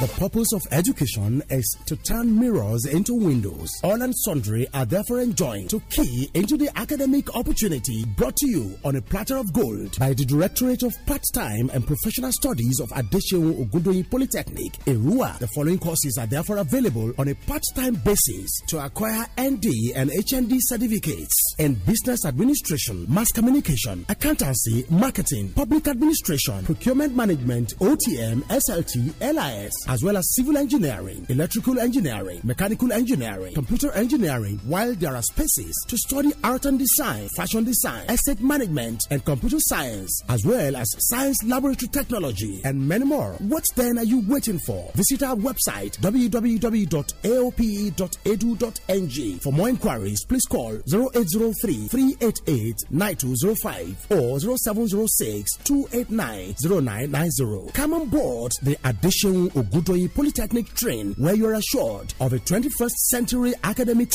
The purpose of education is to turn mirrors into windows. All and sundry are therefore enjoined to key into the academic opportunity brought to you on a platter of gold by the Directorate of Part-Time and Professional Studies of Adeshewu Ogundoyi Polytechnic, Irua. The following courses are therefore available on a part-time basis to acquire ND and HND certificates in Business Administration, Mass Communication, Accountancy, Marketing, Public Administration, Procurement Management, OTM, SLT, LIS, as well as civil engineering, electrical engineering, mechanical engineering, computer engineering, while there are spaces to study art and design, fashion design, asset management, and computer science, as well as science laboratory technology, and many more. What then are you waiting for? Visit our website www.aope.edu.ng. For more inquiries, please call 0803 388 9205 or 0706 289 0990. Come on board the addition of Ogudoyi Polytechnic train where you're assured of a 21st century academic.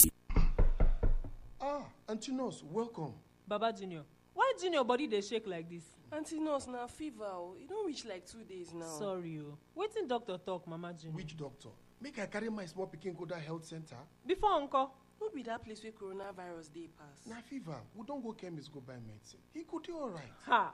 Ah, Auntie Nurse, welcome. Baba Junior, why your body dey shake like this? Auntie Nurse, na fever o. E don reach like two days now. Sorry o. Wetin doctor talk, Mama Junior? Which doctor? Make I carry my small picking go that health center? Before uncle. no be that place where coronavirus dey pass na fever we don't go chemist go buy medicine e go dey alright. ha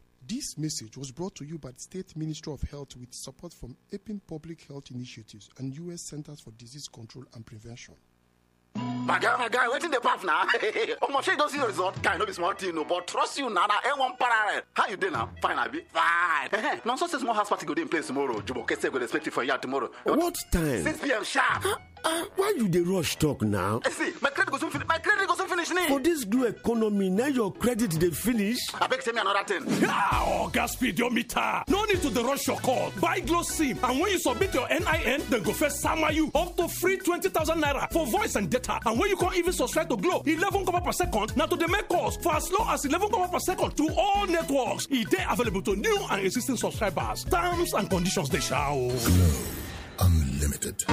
This message was brought to you by the State Ministry of Health with support from APIN Public Health Initiatives and U.S. Centers for Disease Control and Prevention. my guy my guy waiting the pass now. Oh my you don't see the result guy no be small thing o but trust you Nana. a1 eh, parallel how you doing now fine abi fine na so small house party go dey in place tomorrow jubo kese go dey expect you for yard tomorrow. what time. six pm sharp ah why you dey rush talk now I eh, see my credit go soon finish my credit go soon finish ni. for this glue economy now your credit dey finish. abeg send me another ten. ah oga speedometer no need to dey rush your call buy glo sim and when you submit your nin then go first sama you up to free twenty thousand naira for voice and data and when you can't even subscribe to glo eleven kobo per second na to the make calls for as low as eleven kobo per second to all networks e dey available to new and existing subscribers terms and conditions dey sha o. glo unlimited.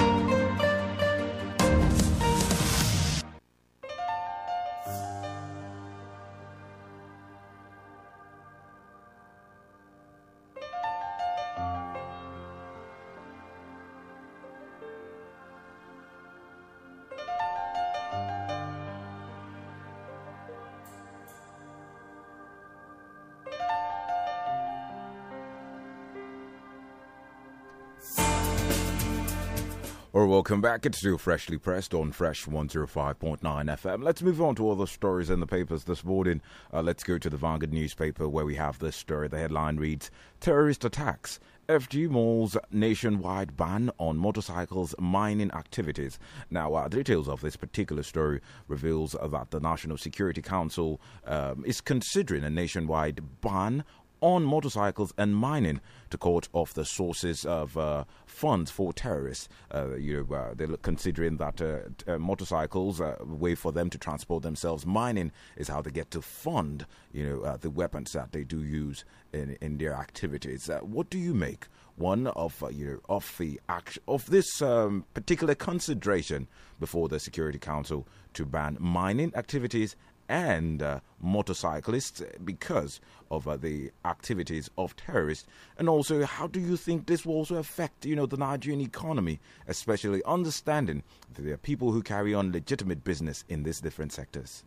Or welcome back. It's still freshly pressed on Fresh 105.9 FM. Let's move on to other stories in the papers this morning. Uh, let's go to the Vanguard newspaper where we have this story. The headline reads Terrorist attacks FG Mall's nationwide ban on motorcycles mining activities. Now, uh, details of this particular story reveals that the National Security Council um, is considering a nationwide ban on motorcycles and mining to cut off the sources of uh, funds for terrorists. Uh, you know, uh, they're considering that uh, uh, motorcycles, a uh, way for them to transport themselves, mining is how they get to fund you know the weapons that they do use in, in their activities. what do you make one of you know, of the act- of this um, particular consideration before the Security Council to ban mining activities and uh, motorcyclists because of uh, the activities of terrorists? And also, how do you think this will also affect, you know, the Nigerian economy, especially understanding that there are people who carry on legitimate business in these different sectors?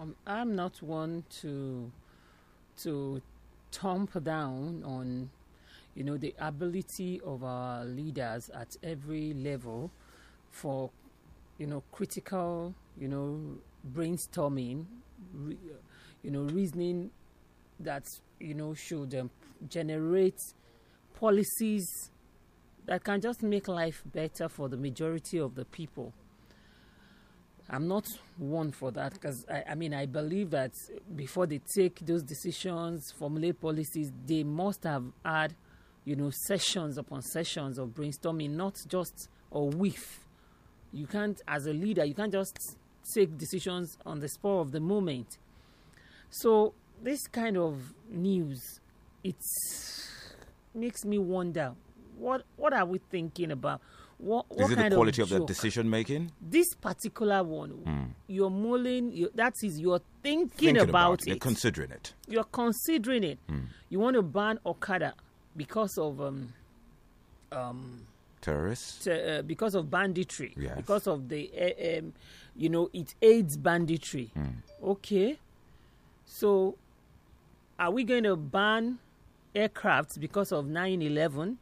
Um, I'm not one to to tamp down on, you know, the ability of our leaders at every level for, you know, critical, you know, brainstorming, re, you know, reasoning that you know should um, generate policies that can just make life better for the majority of the people. I'm not one for that because I, I, mean I believe that before they take those decisions, formulate policies, they must have had, you know, sessions upon sessions of brainstorming, not just a whiff. You can't, as a leader, you can't just take decisions on the spur of the moment. So this kind of news, it makes me wonder what what are we thinking about? What, what is it the quality of, of the decision making? This particular one, mm. you're mulling. you that is, you're thinking, thinking about, about, it. You're considering it. You're considering it. Mm. You want to ban Okada because of um, um, terrorists, ter- uh, because of banditry, yes. because of the uh, um, you know, it aids banditry. Mm. Okay. So, are we going to ban aircrafts because of 9 11?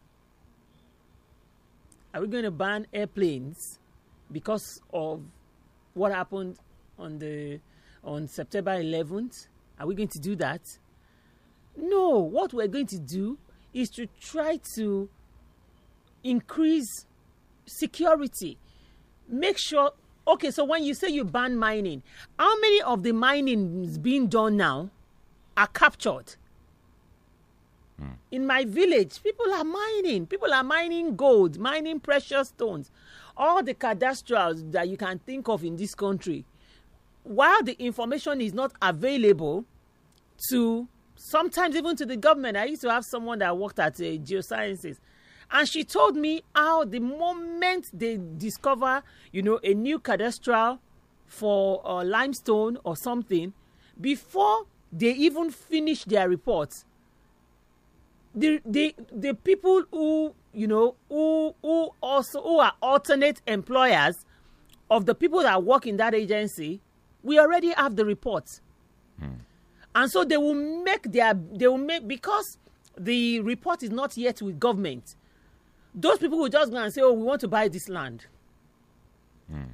Are we going to ban airplanes because of what happened on the on September 11th? Are we going to do that? No. What we're going to do is to try to increase security, make sure Okay, so when you say you ban mining, how many of the mining being done now are captured? In my village, people are mining. People are mining gold, mining precious stones, all the cadastrals that you can think of in this country. While the information is not available to sometimes even to the government, I used to have someone that worked at uh, geosciences and she told me how the moment they discover you know a new cadastral for uh, limestone or something before they even finish their report the the the people who you know who who also who are alternate employers of the people that work in that agency we already have the report hmm. and so they will make their they will make because the report is not yet with government those people will just go and say, "Oh, we want to buy this land," mm.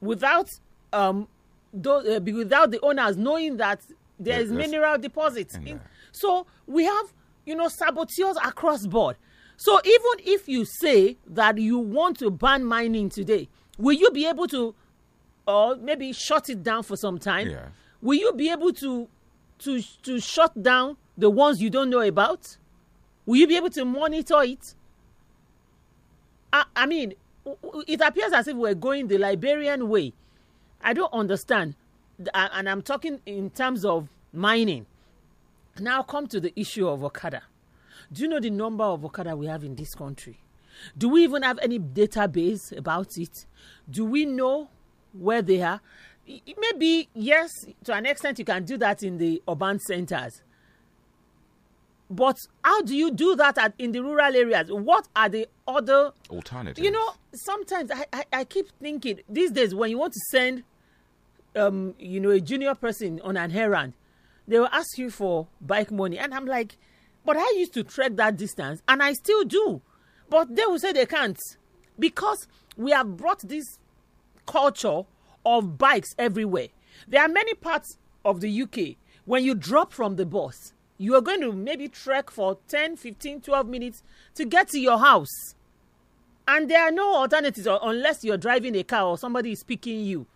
without um, those, uh, without the owners knowing that there is mineral deposits. In in, so we have you know saboteurs across board. So even if you say that you want to ban mining today, will you be able to, or maybe shut it down for some time? Yeah. Will you be able to, to to shut down the ones you don't know about? Will you be able to monitor it? I, I mean, it appears as if we're going the Liberian way. I don't understand. And I'm talking in terms of mining. Now come to the issue of Okada. Do you know the number of Okada we have in this country? Do we even have any database about it? Do we know where they are? Maybe, yes, to an extent, you can do that in the urban centers. But how do you do that at, in the rural areas? What are the other alternatives? You know, sometimes I, I, I keep thinking these days when you want to send, um, you know, a junior person on an errand, they will ask you for bike money, and I'm like, but I used to trek that distance, and I still do, but they will say they can't because we have brought this culture of bikes everywhere. There are many parts of the UK when you drop from the bus you are going to maybe trek for 10 15 12 minutes to get to your house and there are no alternatives unless you're driving a car or somebody is picking you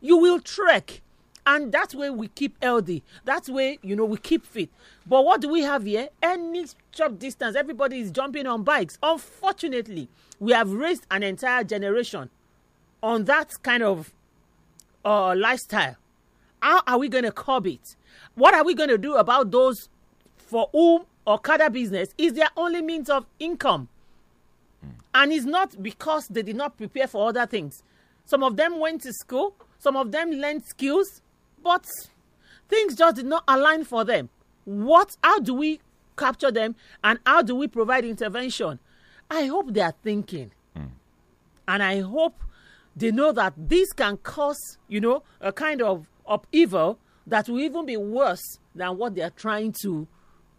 you will trek and that way we keep healthy that way you know we keep fit but what do we have here any short distance everybody is jumping on bikes unfortunately we have raised an entire generation on that kind of uh, lifestyle How are we going to curb it? What are we going to do about those for whom Okada business is their only means of income? And it's not because they did not prepare for other things. Some of them went to school, some of them learned skills, but things just did not align for them. What, how do we capture them and how do we provide intervention? I hope they are thinking. Mm. And I hope they know that this can cause, you know, a kind of upheaval that will even be worse than what they are trying to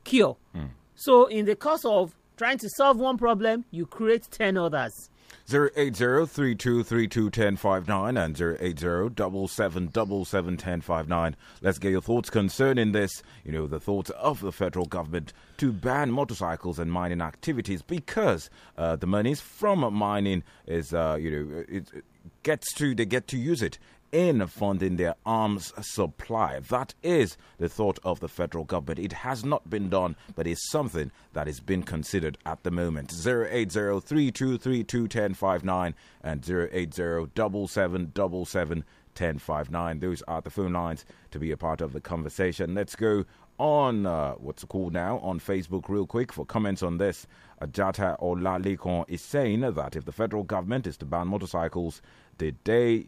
cure. Mm. So, in the course of trying to solve one problem, you create 10 others. Zero eight zero three two three two ten five nine and zero eight zero double seven Let's get your thoughts concerning this. You know, the thoughts of the federal government to ban motorcycles and mining activities because uh, the monies from mining is, uh, you know, it, it gets to, they get to use it in funding their arms supply. That is the thought of the federal government. It has not been done, but is something that is being considered at the moment. 08032321059 and 08077771059. Those are the phone lines to be a part of the conversation. Let's go on uh, what's called now on Facebook real quick for comments on this. Ajata Olalikon is saying that if the federal government is to ban motorcycles, did they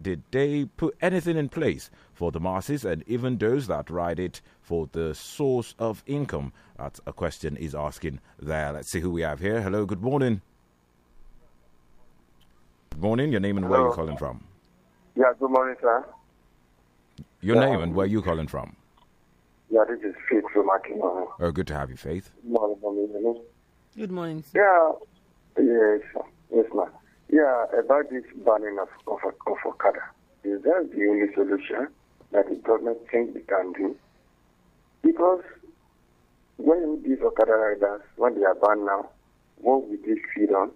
did they put anything in place for the masses and even those that ride it for the source of income? That's a question is asking there. Let's see who we have here. Hello, good morning. Good morning. Your name and Hello. where you calling from? Yeah, good morning, sir. Your yeah. name and where you calling from? Yeah, this is Faith from Akimano. Oh, good to have you, Faith. Good morning, Good morning, sir. Yeah, yes, yes, ma'am. Yeah, about this banning of, of, of Okada. Is that the only solution that the government thinks they can do? Because when these Okada riders, when they are banned now, what will they feed on?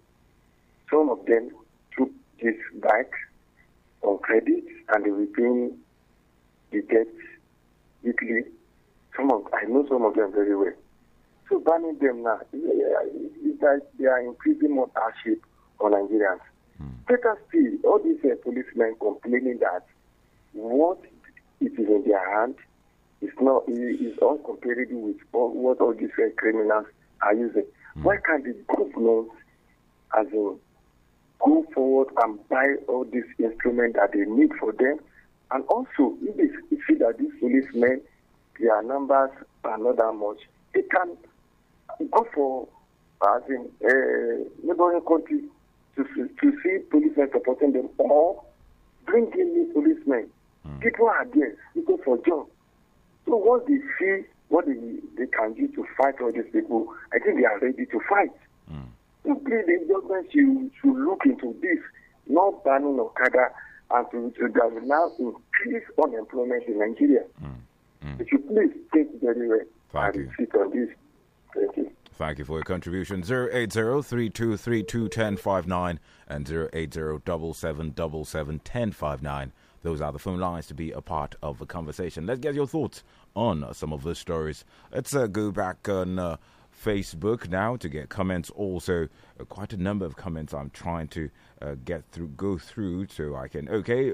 Some of them took this bike on credit and they were paying the debt weekly. Some of, I know some of them very well. So banning them now, yeah, it's like they are increasing more hardship on Nigerians. Hmm. Let us see all these uh, policemen complaining that what it is in their hand is not is uncomparable with all, what all these uh, criminals are using. Mm. Why can't the government, as in, go forward and buy all these instruments that they need for them? And also, if they see that these policemen, their numbers are not that much, they can go for, as in, uh, neighboring countries to, to see policemen supporting them or bring in new policemen. Mm. People are there looking for jobs. So once they see what they, they can do to fight all these people, I think they are ready to fight. Mm. Simply, the government should, should look into this, not banning Okada, and to, to that will now increase unemployment in Nigeria. Mm. Mm. If you please take very well and sit on this. Thank you. Thank you for your contribution. 80 3232 and 80 777 Those are the phone lines to be a part of the conversation. Let's get your thoughts on some of the stories. Let's uh, go back on uh, Facebook now to get comments. Also, uh, quite a number of comments I'm trying to uh, get through, go through so I can. Okay,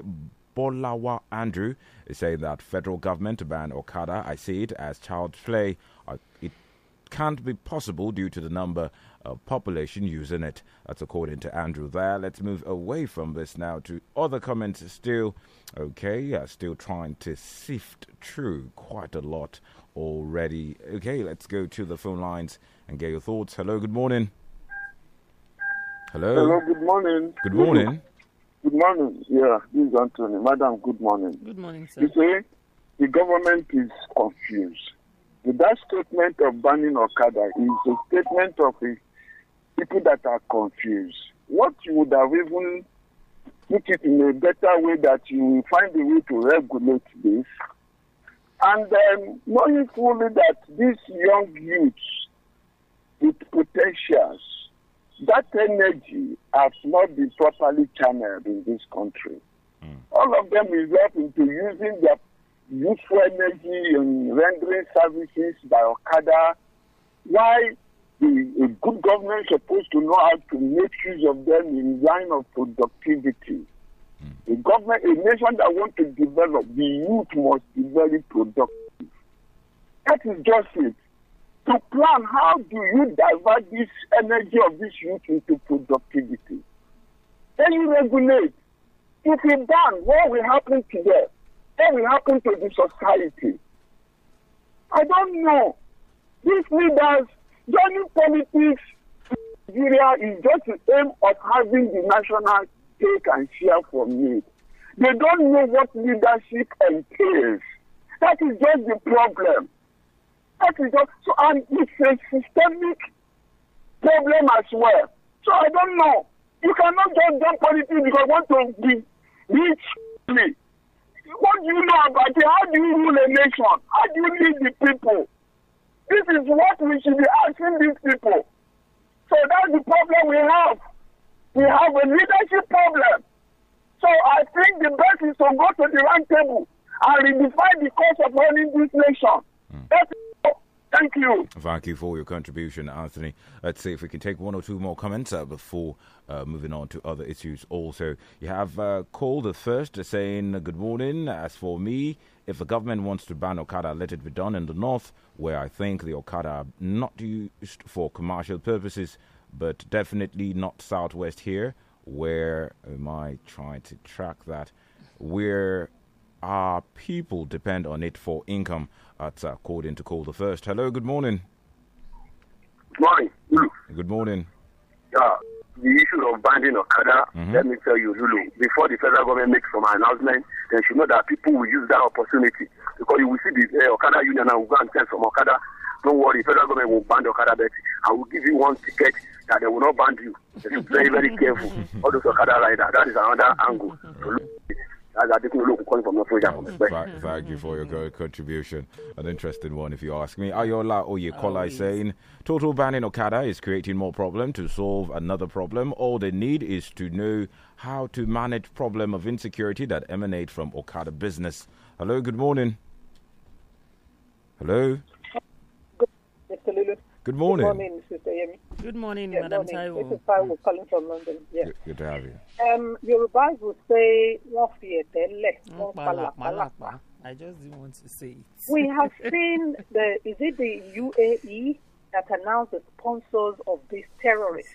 Bolawa Andrew is saying that federal government ban Okada. I see it as child play. I, it can't be possible due to the number of population using it. That's according to Andrew there. Let's move away from this now to other comments still. Okay, still trying to sift through quite a lot already. Okay, let's go to the phone lines and get your thoughts. Hello, good morning. Hello. Hello, good morning. Good morning. Good morning. Yeah, this is Anthony. Madam, good morning. Good morning, sir. You see, the government is confused that statement of banning Okada is a statement of a, people that are confused. What you would have even put it in a better way that you find a way to regulate this. And um, knowing fully that these young youths with potentials, that energy has not been properly channeled in this country. Mm. All of them result into using their useful energy in rendering services by Okada. Why the, a good government supposed to know how to make use of them in line of productivity. The hmm. A government, a nation that wants to develop, the youth must be very productive. That is just it. To plan how do you divert this energy of this youth into productivity. Then you regulate. If you ban, what will happen to them? what will happen to the society? I don't know. These leaders joining politics in Nigeria is just the aim of having the national take and share from me. They don't know what leadership entails. That is just the problem. That is just so, and it's a systemic problem as well. So I don't know. You cannot just do politics because you want to be rich. What do you know about it? How do you rule a nation? How do you lead the people? This is what we should be asking these people. So that's the problem we have. We have a leadership problem. So I think the best is to go to the round table and redefine the course of running this nation. Mm. Thank you. Thank you for your contribution, Anthony. Let's see if we can take one or two more comments uh, before uh, moving on to other issues. Also, you have uh, called the first uh, saying, uh, Good morning. As for me, if the government wants to ban Okada, let it be done in the north, where I think the Okada are not used for commercial purposes, but definitely not southwest here. Where am I trying to track that? Where our people depend on it for income. Atza uh, called in to call the first. Hello, good morning. Good morning. Hmm. Good morning. Yeah, the issue of banning Okada, mm-hmm. let me tell you, Lulu, before the federal government makes some announcement, they should know that people will use that opportunity because you will see the uh, Okada union and will go and send some Okada. Don't worry, federal government will ban the Okada bet. I will give you one ticket that they will not ban you. They should be very, very careful. All those Okada riders, that is another angle. Mm-hmm. Thank, you for your contribution. An interesting one, if you ask me. Ayola Oyekola oh, is saying total ban in Okada is creating more problem to solve another problem. All they need is to know how to manage problem of insecurity that emanate from Okada business. Hello, good morning. Hello. Good morning. Good morning, Sister Yemi. Good morning, yeah, Madam Taiwo. This is Taiwo calling from London. Yeah. Good, good to have you. Um, advice would say, wọ́n fi mm, I just didn't want to say it. We have seen the, is it the UAE that announced the sponsors of these terrorists?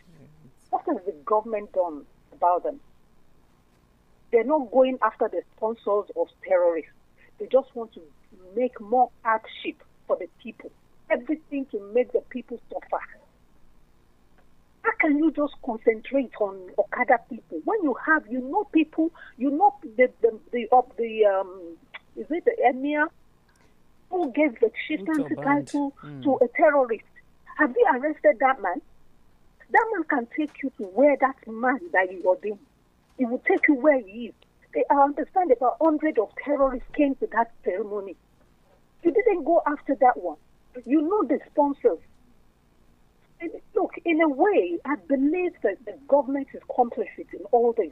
What has the government done about them? They're not going after the sponsors of terrorists. They just want to make more hardship for the people everything to make the people suffer. How can you just concentrate on Okada people when you have you know people you know the the, the of the um is it the emir who gave the chieftaincy title mm. to a terrorist? Have you arrested that man? That man can take you to where that man that you ordained. He will take you where he is. They, I understand about hundreds of terrorists came to that ceremony. You didn't go after that one you know the sponsors. And look, in a way, I believe that the government is complicit in all this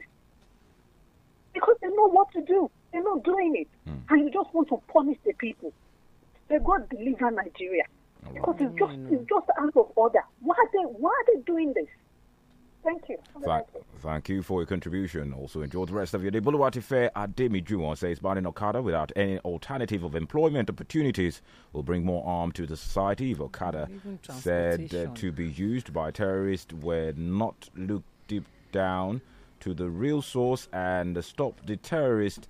because they know what to do. They're not doing it, mm. and you just want to punish the people. May God deliver Nigeria oh, because it's just it's uh, just out of order. Why are they Why are they doing this? Thank you. Thank, thank you for your contribution. Also, enjoy the rest of your day. Buluwati Fair Ademi Juma says banning Okada without any alternative of employment opportunities will bring more harm to the society. If Okada said uh, to be used by terrorists were not looked deep down to the real source and stop the terrorist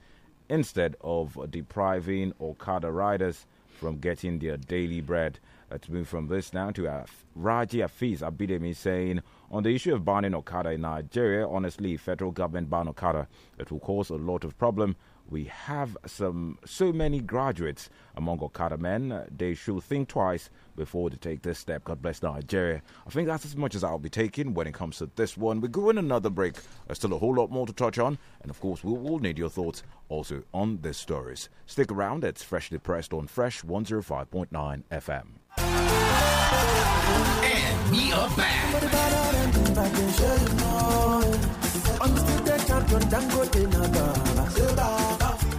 instead of depriving Okada riders from getting their daily bread. Let's move from this now to uh, Raji Afiz Abidemi saying, on the issue of banning Okada in Nigeria, honestly, federal government ban Okada, it will cause a lot of problem. We have some so many graduates among Okada men. They should think twice before they take this step. God bless Nigeria. I think that's as much as I'll be taking when it comes to this one. We're going another break. There's still a whole lot more to touch on, and of course, we will need your thoughts also on these stories. Stick around. It's freshly pressed on Fresh 105.9 FM and we are back. Understood that champion,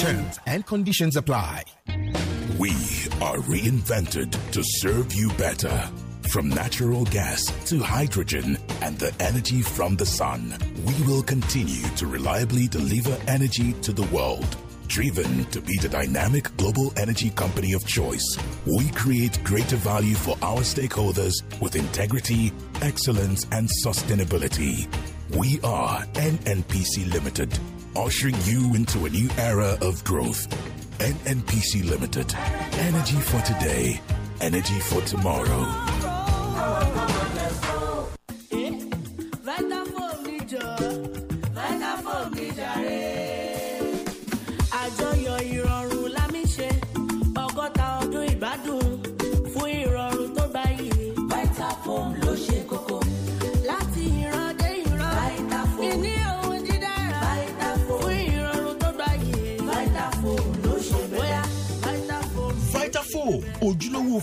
Terms and conditions apply. We are reinvented to serve you better. From natural gas to hydrogen and the energy from the sun, we will continue to reliably deliver energy to the world. Driven to be the dynamic global energy company of choice, we create greater value for our stakeholders with integrity, excellence, and sustainability. We are NNPC Limited, ushering you into a new era of growth. NNPC Limited, energy for today, energy for tomorrow.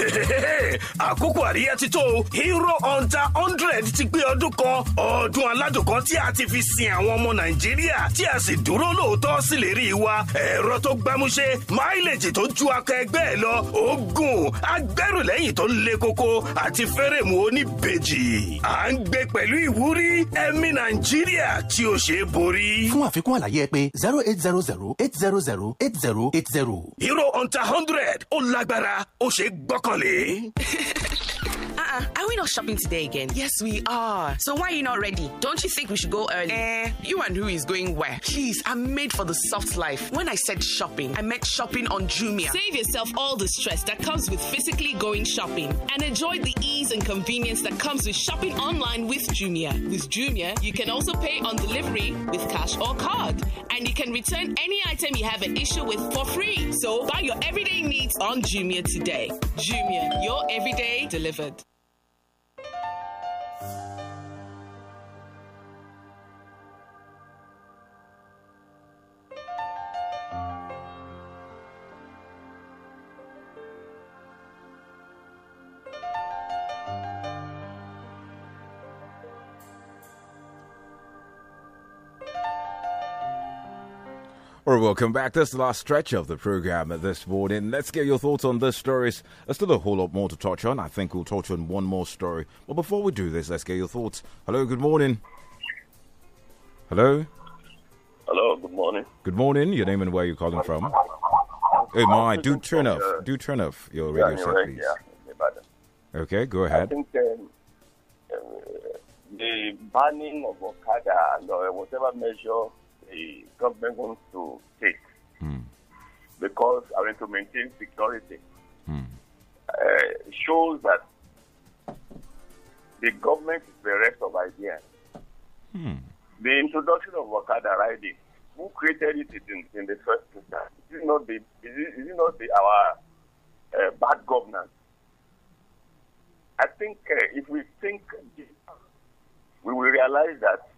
àkókò àríyá ti hero hunter hundred ti gbé ọdún kan ọdún aládùn kan tí a ti fi sin àwọn ọmọ nàìjíríà tí a sì dúró lóòótọ́ sí lè rí i wa ẹ̀rọ tó gbámúṣé máìlèjì tó ju akọ ẹgbẹ́ ẹ lọ oògùn agbẹ́rùlẹ́yìn tó le koko àti fẹ́rẹ̀mù oníbejì à ń gbé pẹ̀lú ìwúrí ẹ̀mí nàìjíríà tí ó ṣe é borí. fún àfikún àlàyé ẹ pé zero eight zero zero eight zero zero eight zero eight zero. hero hunter hundred ó lágbára ó ṣe é broccoli? Uh-uh. Are we not shopping today again? Yes, we are. So why are you not ready? Don't you think we should go early? Eh, you and who is going where? Please, I'm made for the soft life. When I said shopping, I meant shopping on Jumia. Save yourself all the stress that comes with physically going shopping and enjoy the ease and convenience that comes with shopping online with Jumia. With Jumia, you can also pay on delivery with cash or card. And you can return any item you have an issue with for free. So buy your everyday needs on Jumia today. Jumia your everyday delivered. Or right, welcome back. That's the last stretch of the program this morning. Let's get your thoughts on this story. There's still a whole lot more to touch on. I think we'll touch on one more story. But before we do this, let's get your thoughts. Hello, good morning. Hello. Hello, good morning. Good morning. Your name and where you're calling from? Hey, my, do turn off. Do turn off your radio set, please. Okay, go ahead. Think, um, uh, the banning of Okada and uh, whatever measure the government wants to take mm. because I want to maintain security mm. uh, shows that the government is bereft of ideas. Mm. The introduction of Wakada riding, who created it in, in the first place, Is it not, the, is it, is it not the, our uh, bad governance? I think uh, if we think, we will realize that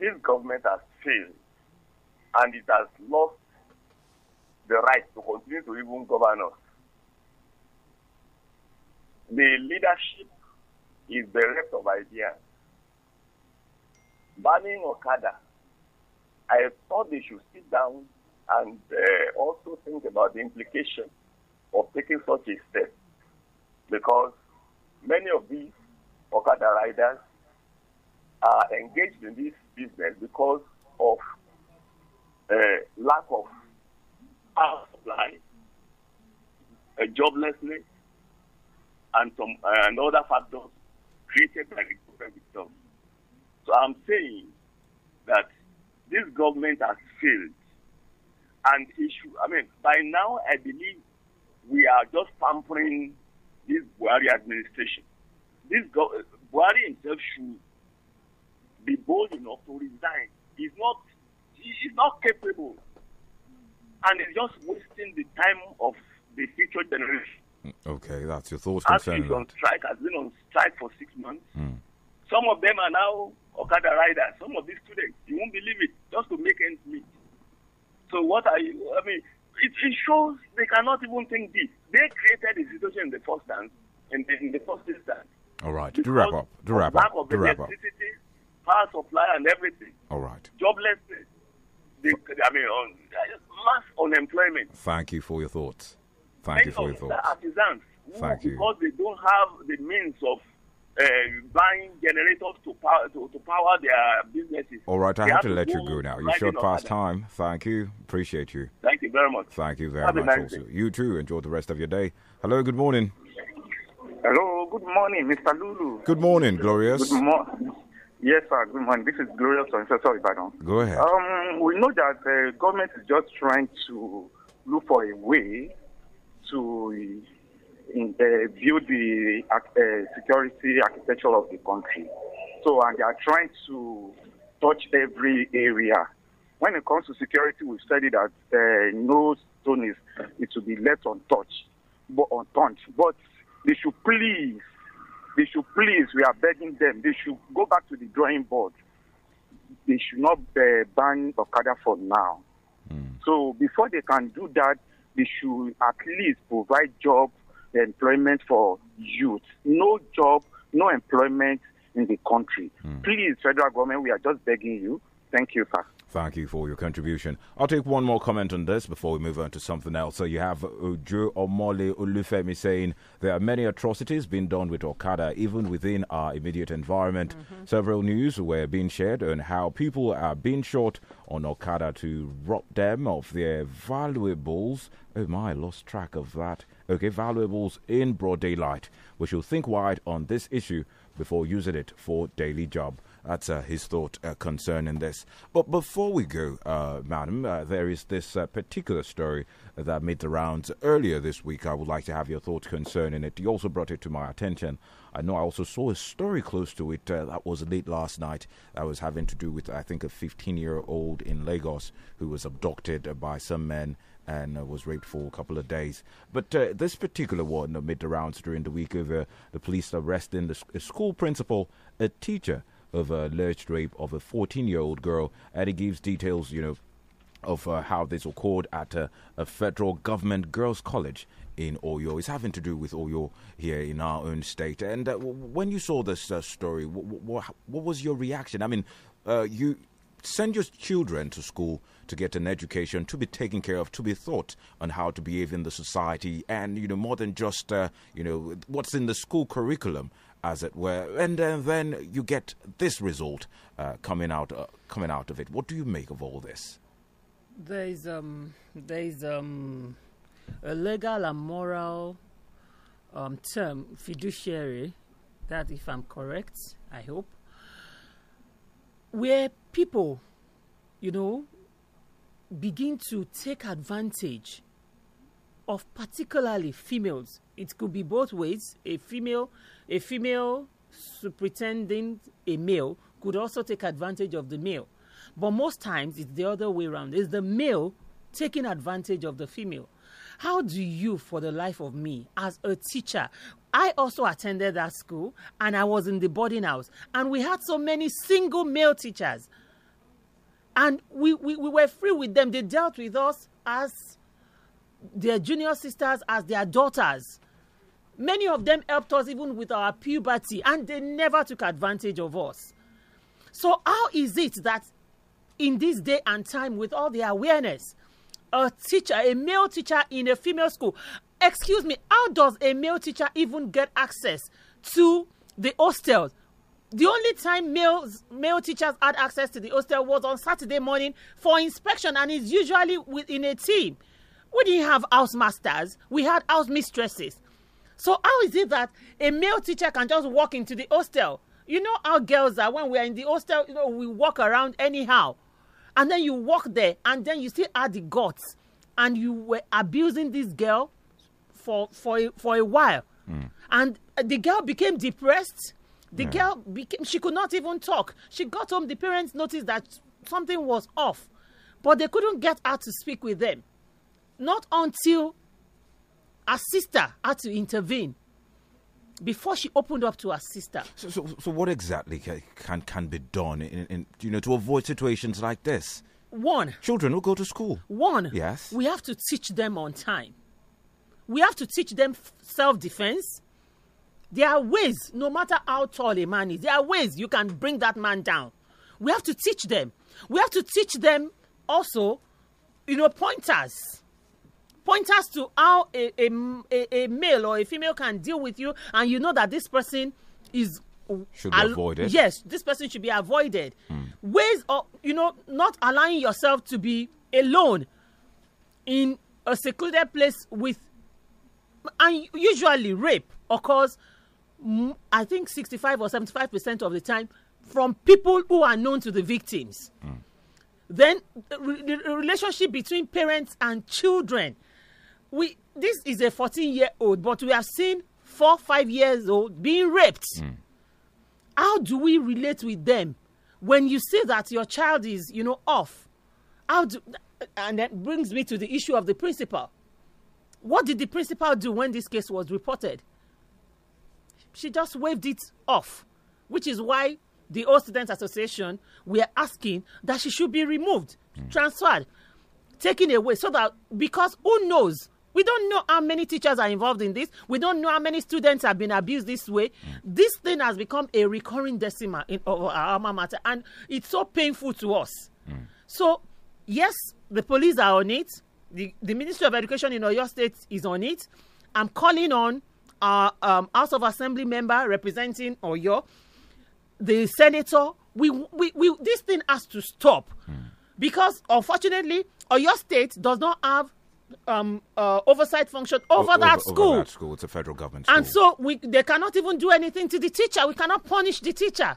this government has failed and it has lost the right to continue to even govern us. The leadership is bereft of ideas. Banning Okada, I thought they should sit down and uh, also think about the implication of taking such a step because many of these Okada riders are engaged in this business because of uh, lack of power supply, a eh, joblessness, and some uh, and other factors created by the government itself. So I'm saying that this government has failed, and it should, I mean, by now I believe we are just pampering this Buhari administration. This go- Buhari himself should be bold enough to resign. He's not he is not capable. And he's just wasting the time of the future generation. Mm, okay, that's your thoughts As concerning that. on strike, has been on strike for six months. Mm. Some of them are now Okada riders. Some of these students, you won't believe it, just to make ends meet. So what are you, I mean, it, it shows they cannot even think deep. They created the situation in the first instance. In in the first instance. All right, do wrap up, do wrap up, do wrap up. Power supply and everything. All right. Joblessness. I mean, on, mass unemployment. Thank you for your thoughts. Thank Many you for your thoughts. Artisans, Thank you. because they don't have the means of uh, buying generators to power to, to, power their businesses. All right, I have, have, to let you go now. You're short past time. Thank you. Appreciate you. Thank you very much. Thank you very have much. Nice also, you too. Enjoy the rest of your day. Hello. Good morning. Hello. Good morning, Mr. Lulu. Good morning, Glorious. Good, mo- Yes, sir. Good morning. This is Glorious Sorry, Badon. Go ahead. Um, we know that the uh, government is just trying to look for a way to in, uh, build the uh, security architecture of the country. So, and they are trying to touch every area. When it comes to security, we've studied that uh, no stone is it should be left untouched, but unturned. But they should please they should please, we are begging them, they should go back to the drawing board. They should not uh, ban Okada for now. Mm. So before they can do that, they should at least provide job employment for youth. No job, no employment in the country. Mm. Please, federal government, we are just begging you. Thank you, sir. Thank you for your contribution. I'll take one more comment on this before we move on to something else. So you have Uju Omole Ulufemi saying there are many atrocities being done with Okada, even within our immediate environment. Mm-hmm. Several news were being shared on how people are being shot on Okada to rob them of their valuables. Oh my, I lost track of that. Okay, valuables in broad daylight. We should think wide on this issue before using it for daily job. That's uh, his thought uh, concerning this. But before we go, uh, madam, uh, there is this uh, particular story that made the rounds earlier this week. I would like to have your thoughts concerning it. You also brought it to my attention. I know I also saw a story close to it uh, that was late last night that was having to do with, I think, a 15 year old in Lagos who was abducted by some men and was raped for a couple of days. But uh, this particular one made the rounds during the week over the police arresting the school principal, a teacher, of a alleged rape of a 14 year old girl. And he gives details, you know, of uh, how this occurred at uh, a, federal government girls' college in Oyo. It's having to do with Oyo here in our own state. And uh, w- when you saw this uh, story, w- w- what was your reaction? I mean, uh, you send your children to school to get an education, to be taken care of, to be taught on how to behave in the society, and you know more than just you know what's in the school curriculum as it were, and uh, then you get this result uh, coming out uh, coming out of it. What do you make of all this? There is um, there is um, a legal and moral um, term fiduciary. That, if I'm correct, I hope, where people, you know, begin to take advantage of particularly females. It could be both ways. A female A female pretending a male could also take advantage of the male. But most times it's the other way around. It's the male taking advantage of the female. How do you, for the life of me, as a teacher, I also attended that school and I was in the boarding house, and we had so many single male teachers. And we, we, we were free with them. They dealt with us as their junior sisters, as their daughters. Many of them helped us even with our puberty, and they never took advantage of us. So, how is it that in this day and time, with all the awareness, a teacher, a male teacher in a female school, excuse me, how does a male teacher even get access to the hostels? The only time males, male teachers had access to the hostel was on Saturday morning for inspection, and it's usually within a team. We didn't have house masters, we had house mistresses. So how is it that a male teacher can just walk into the hostel? You know how girls are when we are in the hostel, you know, we walk around anyhow. And then you walk there and then you still had the guts and you were abusing this girl for for a, for a while. Mm. And the girl became depressed. The yeah. girl became she could not even talk. She got home the parents noticed that something was off. But they couldn't get her to speak with them. Not until her sister had to intervene before she opened up to her sister. So, so, so what exactly can, can, can be done in, in, you know, to avoid situations like this? One. Children will go to school. One. Yes. We have to teach them on time. We have to teach them self defense. There are ways, no matter how tall a man is, there are ways you can bring that man down. We have to teach them. We have to teach them also, you know, pointers point us to how a, a, a, a male or a female can deal with you and you know that this person is should be avoided. Yes, this person should be avoided. Mm. Ways of you know not allowing yourself to be alone in a secluded place with, and usually rape occurs. I think sixty-five or seventy-five percent of the time from people who are known to the victims. Mm. Then the relationship between parents and children we this is a 14 year old, but we have seen four, five years old being raped. Mm. How do we relate with them when you see that your child is, you know, off? How do, and that brings me to the issue of the principal. What did the principal do when this case was reported? She just waved it off, which is why the Old Students Association were asking that she should be removed, mm. transferred, taken away, so that because who knows we don't know how many teachers are involved in this. We don't know how many students have been abused this way. This thing has become a recurring decimal in our alma mater, and it's so painful to us. Mm. So, yes, the police are on it. The, the Ministry of Education in Oyo State is on it. I'm calling on our um, House of Assembly member representing Oyo, the senator. We, we, we, this thing has to stop mm. because, unfortunately, Oyo State does not have um, uh, oversight function over, o- that over, school. Over that school, it's a federal government school. And so we, they cannot even do anything to the teacher. We cannot punish the teacher.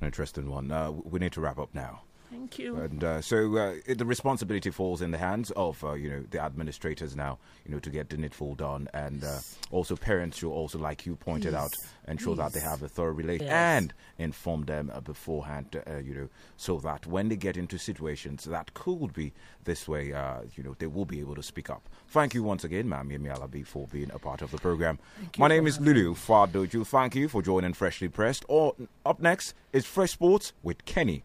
An interesting one. Uh, we need to wrap up now. Thank you. And uh, so uh, it, the responsibility falls in the hands of uh, you know the administrators now, you know, to get the needful done, and uh, yes. also parents should also, like you pointed out, ensure that they have a thorough relation and inform them uh, beforehand, uh, you know, so that when they get into situations that could be this way, you know, they will be able to speak up. Thank you once again, Mammy Yemi for being a part of the program. Thank My name is Lulu Fadoju. Thank you for joining Freshly Pressed. Or up next is Fresh Sports with Kenny.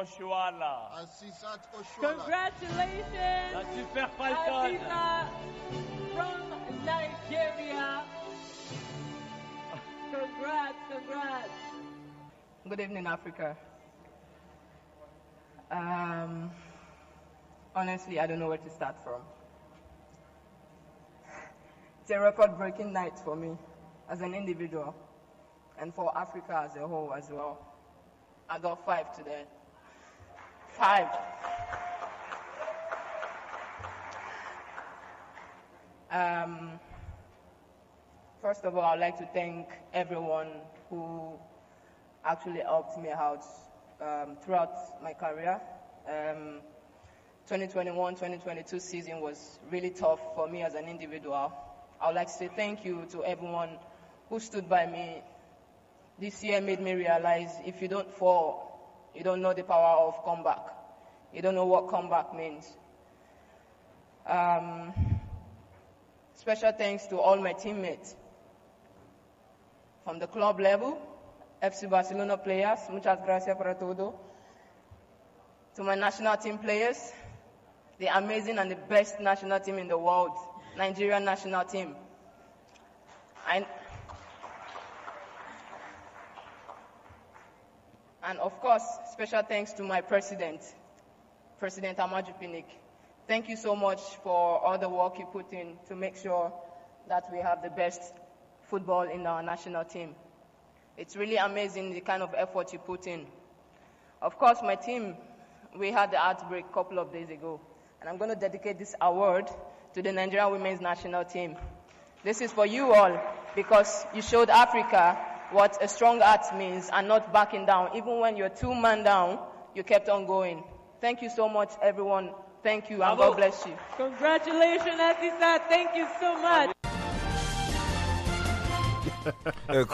Oshuala. Congratulations. super from Nigeria. Congrats, congrats. Good evening, Africa. Um, honestly, I don't know where to start from. It's a record breaking night for me as an individual and for Africa as a whole as well. I got five today time. Um, first of all, I'd like to thank everyone who actually helped me out um, throughout my career. Um, 2021 2022 season was really tough for me as an individual. I would like to say thank you to everyone who stood by me. This year made me realize if you don't fall you don't know the power of comeback. You don't know what comeback means. Um, special thanks to all my teammates from the club level, FC Barcelona players, muchas gracias para todo. To my national team players, the amazing and the best national team in the world, Nigerian national team. I, And of course, special thanks to my president, President Amaju Pinnick. Thank you so much for all the work you put in to make sure that we have the best football in our national team. It's really amazing the kind of effort you put in. Of course, my team, we had the outbreak a couple of days ago, and I'm going to dedicate this award to the Nigerian women's national team. This is for you all because you showed Africa what a strong heart means and not backing down. Even when you're two man down, you kept on going. Thank you so much, everyone. Thank you and God bless you. Congratulations, Azizat. Thank you so much.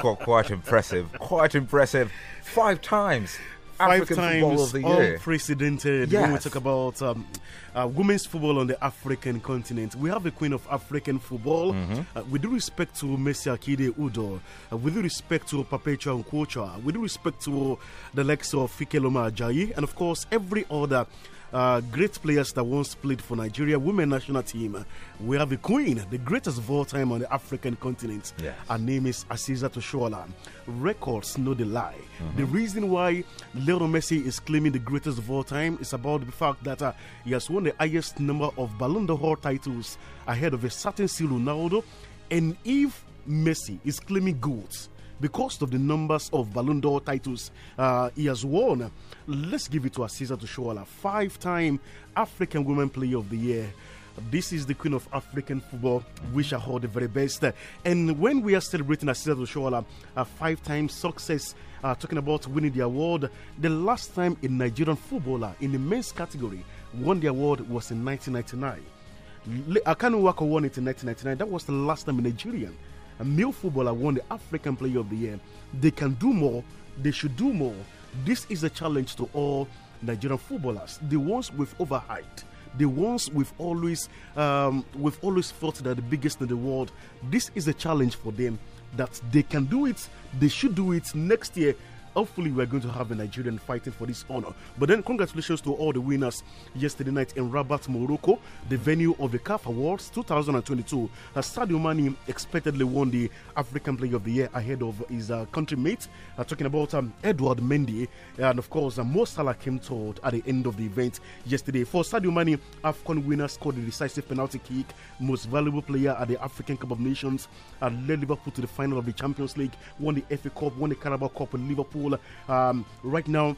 quite impressive. Quite impressive. Five times five times unprecedented yes. when we talk about um, uh, women's football on the African continent. We have the queen of African football. Mm -hmm. uh, with due respect to Messi Akide Udo, uh, with due respect to Perpetua Nkocha, with due respect to the likes of Fikeloma Ajayi, and of course every other uh, great players that once played for Nigeria women national team. We have the queen, the greatest of all time on the African continent. Yes. Her name is Asiza Toshola. Records know the lie. Mm -hmm. The uh-huh. reason why Lionel Messi is claiming the greatest of all time is about the fact that uh, he has won the highest number of Ballon d'Or titles ahead of a certain Ronaldo. And if Messi is claiming goals because of the numbers of Ballon d'Or titles uh, he has won. Let's give it to Asisa Tushwala, five time African Women Player of the Year. This is the queen of African football. Wish her all the very best. And when we are celebrating Asisa Doshola, a five time success, uh, talking about winning the award, the last time a Nigerian footballer in the men's category won the award was in 1999. Akanu Waka won it in 1999. That was the last time a Nigerian a male footballer won the African Player of the Year. They can do more. They should do more. This is a challenge to all Nigerian footballers, the ones with overhyped the ones we've always um, we've always thought that the biggest in the world. This is a challenge for them that they can do it. They should do it next year. Hopefully, we're going to have a Nigerian fighting for this honor. But then, congratulations to all the winners yesterday night in Rabat, Morocco, the venue of the CAF Awards 2022. Uh, Sadio Mane expectedly won the African Player of the Year ahead of his uh, countrymate. Uh, talking about um, Edward Mendy, and of course, uh, Mo Salah came to at the end of the event yesterday. For Sadio Mane, Afcon winner scored a decisive penalty kick, most valuable player at the African Cup of Nations, and led Liverpool to the final of the Champions League, won the FA Cup, won the Carabao Cup in Liverpool um, right now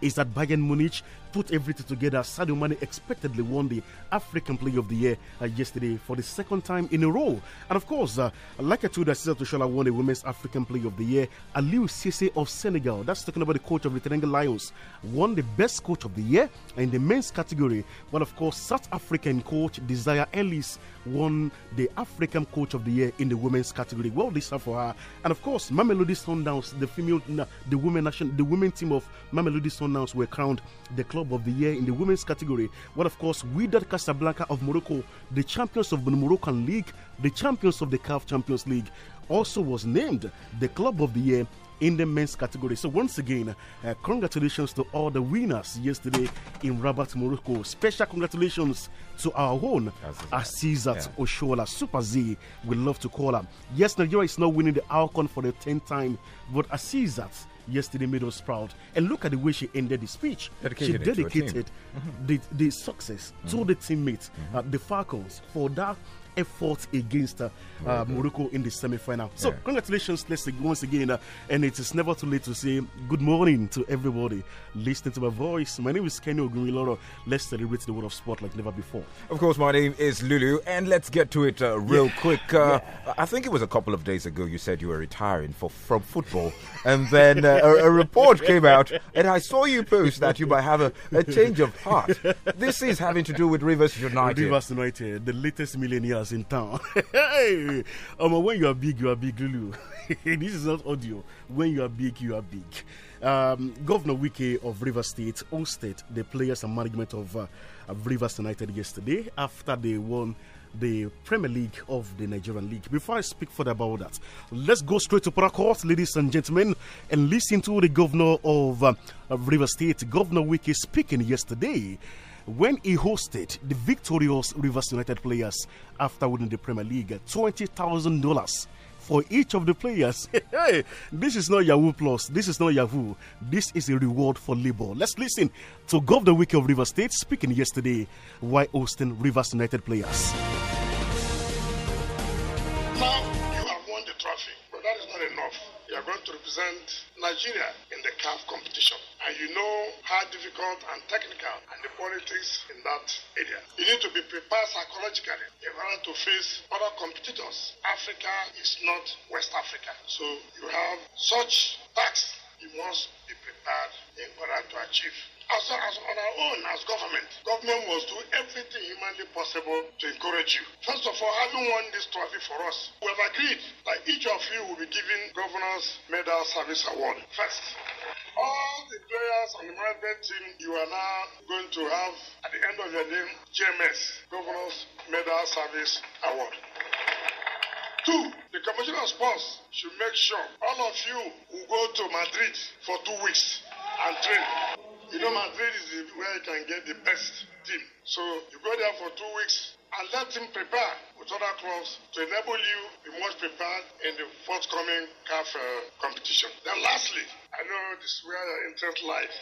is at Bayern Munich put everything together, Sadio Mane expectedly won the African Player of the Year uh, yesterday for the second time in a row. And of course, uh, like I told you, Cesar won the Women's African Player of the Year. Aliou Cisse of Senegal, that's talking about the coach of the Teranga Lions, won the Best Coach of the Year in the men's category. But of course, South African coach Desire Ellis won the African Coach of the Year in the women's category. Well deserved for her. And of course, Mamelodi Sundowns, the female, the women nation, the women team of Mamelodi Sundowns were crowned the club Club of the Year in the women's category. while of course, Wydad Casablanca of Morocco, the champions of the Moroccan League, the champions of the CAF Champions League, also was named the Club of the Year in the men's category. So, once again, uh, congratulations to all the winners yesterday in Rabat, Morocco. Special congratulations to our own Asizat yeah. Oshola, Super Z, we love to call her. Yes, Nigeria is not winning the Alcon for the 10th time, but Asizat yesterday made us proud. And look at the way she ended the speech. Dedicated she dedicated mm-hmm. the, the success mm -hmm. to mm-hmm. the teammates, mm -hmm. uh, the Falcons, for that effort against uh, uh, Morocco in the semi final. So, yeah. congratulations once again. Uh, and it is never too late to say good morning to everybody listening to my voice. My name is Kenny Ogumiloro. Let's celebrate the world of sport like never before. Of course, my name is Lulu, and let's get to it uh, real yeah. quick. Uh, yeah. I think it was a couple of days ago you said you were retiring for, from football, and then uh, a, a, report came out, and I saw you post that you might have a, a change of heart. This is having to do with Rivers United. Rivers United, the latest millionaires in town. hey, um, when you are big, you are big, Lulu. this is not audio. When you are big, you are big. Um, Governor Wiki of River State hosted the players and management of, uh, Rivers United yesterday after they won the Premier League of the Nigerian League. Before I speak further about that, let's go straight to court, ladies and gentlemen, and listen to the governor of, uh, River State, Governor Wiki, speaking yesterday when he hosted the victorious Rivers United players after winning the Premier League $20,000 for each of the players. hey, this is not Yahoo Plus. This is not Yahoo. This is a reward for labor. Let's listen to Gov the Week of River State speaking yesterday while hosting Rivers United players. Now you have won the trophy, but that is not enough. You are going to represent Nigeria in the CAF competition. And you know how difficult and technical and the politics in that area. You need to be prepared psychologically in order to face other competitors. Africa is not West Africa. So you have such tasks. You must be prepared in order to achieve as, as on our own as government, government must do everything humanly possible to encourage you. First of all, having won this trophy for us, we have agreed that each of you will be given Governor's Medal Service Award first. All the players on the management team, you are now going to have, at the end of your name, GMS, Governor's Medal Service Award. Two, the Commission of Sports should make sure all of you will go to Madrid for two weeks and train. You know, Madrid is where you can get the best team. So you go there for two weeks and let him prepare with other clubs to enable you be much prepared in the forthcoming CAF uh, competition. Then lastly, I know this is where your interest lies.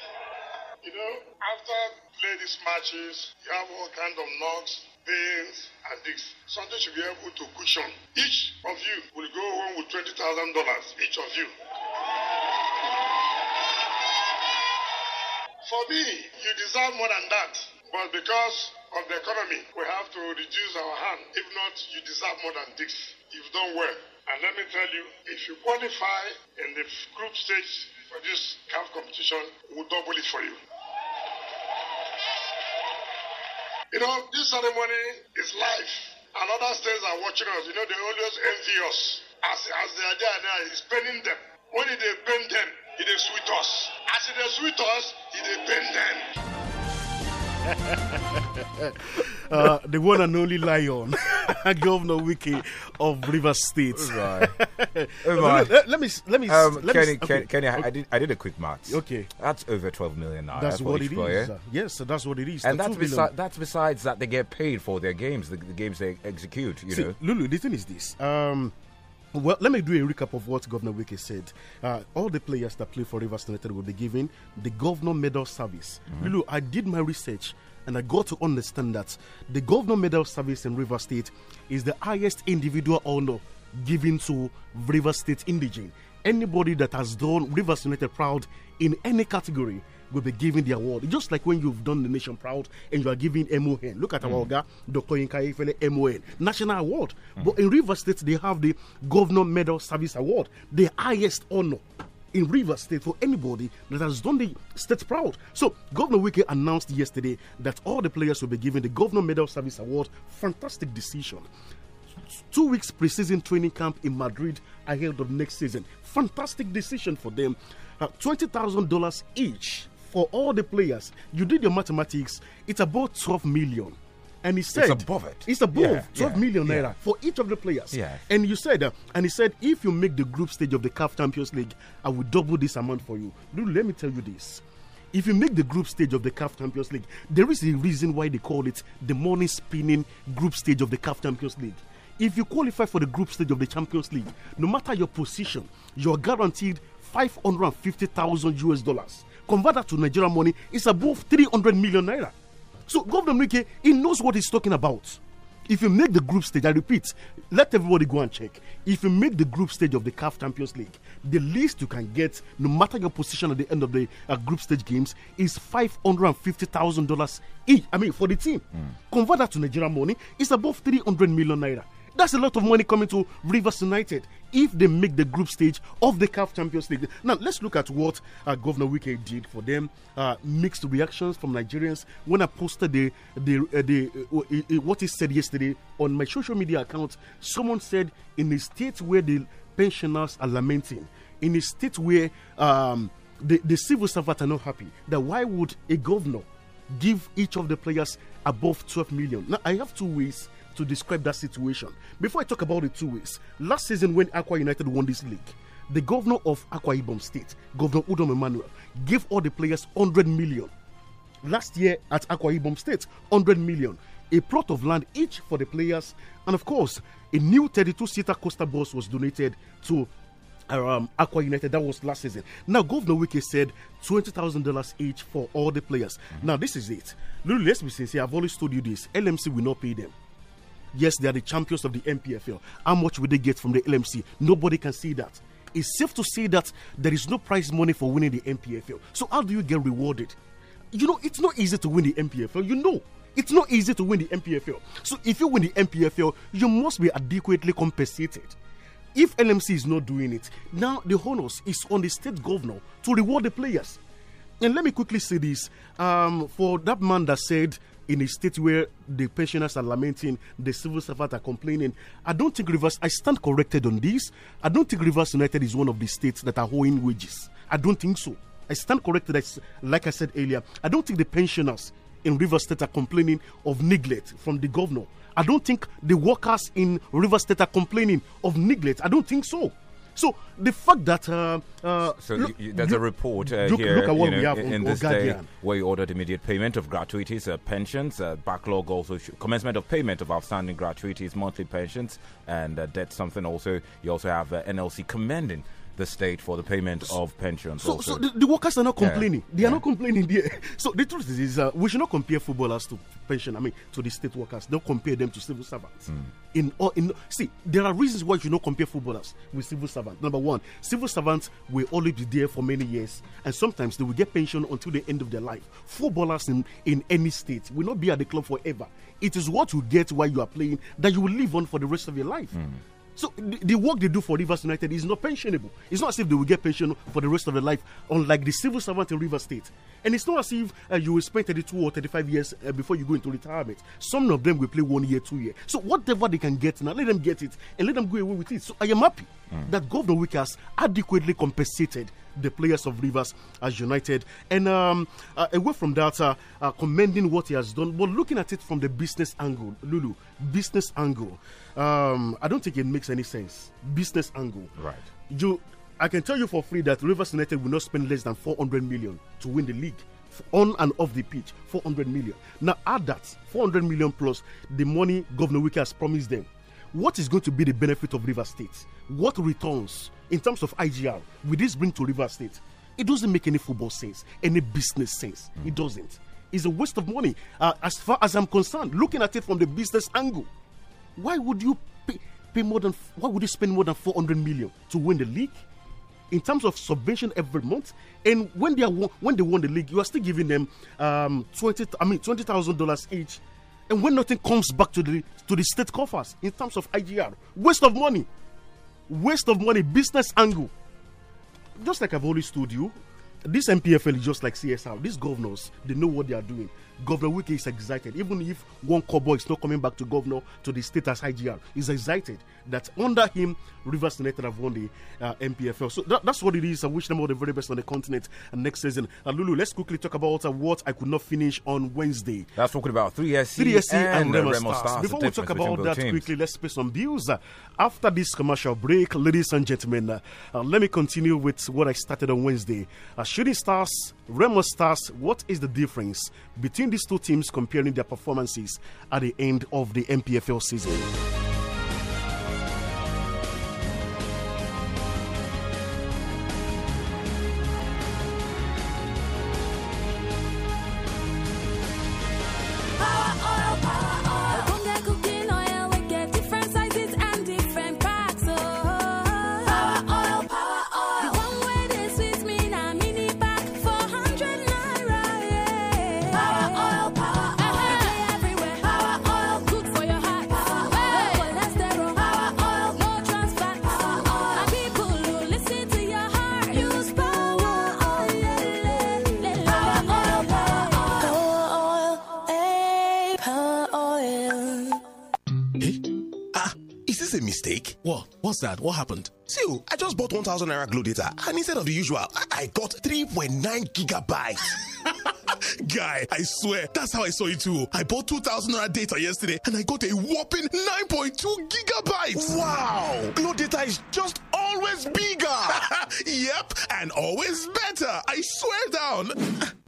You know, after play these matches, you have all kind of knocks, pains, and this. Something should be able to cushion. Each of you will go home with $20,000, each of you. For me, you deserve more than that. But because of the economy, we have to reduce our hand. If not, you deserve more than this. You've done well. And let me tell you, if you qualify in the group stage for this CAF competition, we'll double it for you. You know, this ceremony is life. And other states are watching us. You know, they always envy us. As, as they are there, it's paining them. When did they pain them? He dey sweet us. As he dey sweet us, he dey pain them. uh, the one and only lion, Governor Wiki of Rivers State. Right. right. Let, let, me let me um, let Kenny, me, okay. Kenny, I, I did I did a quick math. Okay, that's over twelve million now. That's what it player. is. Yes, that's what it is. And that's, besi- that's besides that they get paid for their games, the, the games they execute. You See, know, Lulu. The thing is this. Um, well, let me do a recap of what Governor Wiki said. Uh, all the players that play for Rivers United will be given the Governor Medal Service. Mm -hmm. Lulu, I did my research and I got to understand that the Governor Medal Service in River State is the highest individual honor given to River State indigene. Anybody that has done Rivers United proud in any category will be given the award. Just like when you've done the nation proud and you are giving MON. Look at mm. our hmm. guy, Dr. Inka Efele, MON, national award. Mm. But in River State, they have the Governor Medal Service Award, the highest honor in River State for anybody that has done the state proud. So, Governor Wiki announced yesterday that all the players will be given the Governor Medal Service Award. Fantastic decision. Two weeks preseason training camp in Madrid ahead of next season. Fantastic decision for them. Uh, $20,000 each for all the players, you did your mathematics, it's about 12 million. And he said, It's above it. It's above yeah, 12 yeah, million naira yeah. for each of the players. Yeah. And you said, and he said, If you make the group stage of the CAF Champions League, I will double this amount for you. Dude, let me tell you this if you make the group stage of the CAF Champions League, there is a reason why they call it the money spinning group stage of the CAF Champions League. If you qualify for the group stage of the Champions League, no matter your position, you are guaranteed 550,000 US dollars convert that to Nigerian money, it's above 300 million naira. So Governor Mike, he knows what he's talking about. If you make the group stage, I repeat, let everybody go and check. If you make the group stage of the CAF Champions League, the least you can get, no matter your position at the end of the uh, group stage games, is five hundred and fifty thousand dollars each. I mean, for the team, mm. convert that to Nigerian money, it's above three hundred million naira. That's a lot of money coming to Rivers United if they make the group stage of the CAF Champions League. Now, let's look at what uh, Governor Wike did for them. Uh, mixed reactions from Nigerians when I posted the, the, uh, the uh, what he said yesterday on my social media account. Someone said, in a state where the pensioners are lamenting, in a state where um, the, the civil servants are not happy, that why would a governor give each of the players above 12 million? Now, I have two ways to describe that situation. Before I talk about the two ways, last season when Aqua United won this league, the governor of Akwa Ibom State, Governor Udom Emmanuel, gave all the players 100 million. Last year at Akwa Ibom State, 100 million. A plot of land each for the players, and of course, a new 32 seater coaster bus was donated to um, Aqua United. That was last season. Now, Governor Wiki said $20,000 each for all the players. Mm -hmm. Now, this is it. Lulu, let's be sincere. I've always told you this LMC will not pay them. Yes, they are the champions of the MPFL. How much will they get from the LMC? Nobody can see that. It's safe to say that there is no prize money for winning the MPFL. So how do you get rewarded? You know, it's not easy to win the MPFL. You know, it's not easy to win the MPFL. So if you win the MPFL, you must be adequately compensated. If LMC is not doing it, now the honors is on the state governor to reward the players. And let me quickly say this um, for that man that said in a state where the pensioners are lamenting, the civil servants are complaining. I don't think Rivers, I stand corrected on this. I don't think Rivers United is one of the states that are owing wages. I don't think so. I stand corrected, like I said earlier. I don't think the pensioners in Rivers State are complaining of neglect from the governor. I don't think the workers in Rivers State are complaining of neglect. I don't think so. So the fact that uh, uh, so you, there's a report uh, look, here look you know, in, in this Guardian. day where you ordered immediate payment of gratuities, uh, pensions, uh, backlog also commencement of payment of outstanding gratuities, monthly pensions, and uh, debt. Something also you also have NLC commending the state for the payment of pensions. So, so the, the, workers are not complaining. Yeah. They are yeah. not complaining there. So the truth is, is uh, we should not compare footballers to pension. I mean, to the state workers. Don't compare them to civil servants. Mm. In all, in see, there are reasons why you should not compare footballers with civil servants. Number one, civil servants will only be there for many years, and sometimes they will get pension until the end of their life. Footballers in in any state will not be at the club forever. It is what you get while you are playing that you will live on for the rest of your life. Mm. So the, the, work they do for Rivers United is not pensionable. It's not as if they will get pension for the rest of their life, unlike the civil servant in River State. And it's not as if uh, you will spend 32 or 35 years uh, before you go into retirement. Some of them will play one year, two years. So whatever they can get now, let them get it and let them go away with it. So I am happy mm. that Governor Wick has adequately compensated the players of Rivers as United. And um, uh, away from that, uh, uh, commending what he has done, but looking at it from the business angle, Lulu, business angle. Um, I don't think it makes any sense. Business angle. Right. You, I can tell you for free that Rivers United will not spend less than 400 million to win the league on and off the pitch 400 million now add that 400 million plus the money governor wiki has promised them what is going to be the benefit of river state what returns in terms of IGR, will this bring to River State? It doesn't make any football sense, any business sense. Mm. It doesn't. It's a waste of money. Uh, as far as I'm concerned, looking at it from the business angle, why would you pay, pay more than why would you spend more than 400 million to win the league? In terms of subvention every month, and when they are when they won the league, you are still giving them um, twenty I mean twenty thousand dollars each, and when nothing comes back to the to the state coffers in terms of IGR, waste of money waste of money, business angle. Just like I've always told you, this MPFL is just like CSR. These governors, they know what they are doing. Governor Wiki is excited, even if one cowboy is not coming back to governor to the state as IGR, He's excited that under him, Rivers Senator have won the uh, MPFL. So that, that's what it is. I wish them all the very best on the continent and next season. Uh, Lulu, let's quickly talk about uh, what I could not finish on Wednesday. That's talking about 3SC, 3SC and, and Remo, Remo Stars. Stars. Before we talk about that teams. quickly, let's pay some bills. Uh, after this commercial break, ladies and gentlemen, uh, let me continue with what I started on Wednesday. Uh, shooting Stars, Remo Stars, what is the difference between between these two teams comparing their performances at the end of the MPFL season. What? What's that? What happened? See, oh, I just bought 1000 Naira Glow data, and instead of the usual, I got 3.9 gigabytes. Guy, I swear, that's how I saw it too. I bought 2000 Naira data yesterday, and I got a whopping 9.2 gigabytes. Wow! Glow data is just always bigger. yep, and always better. I swear down.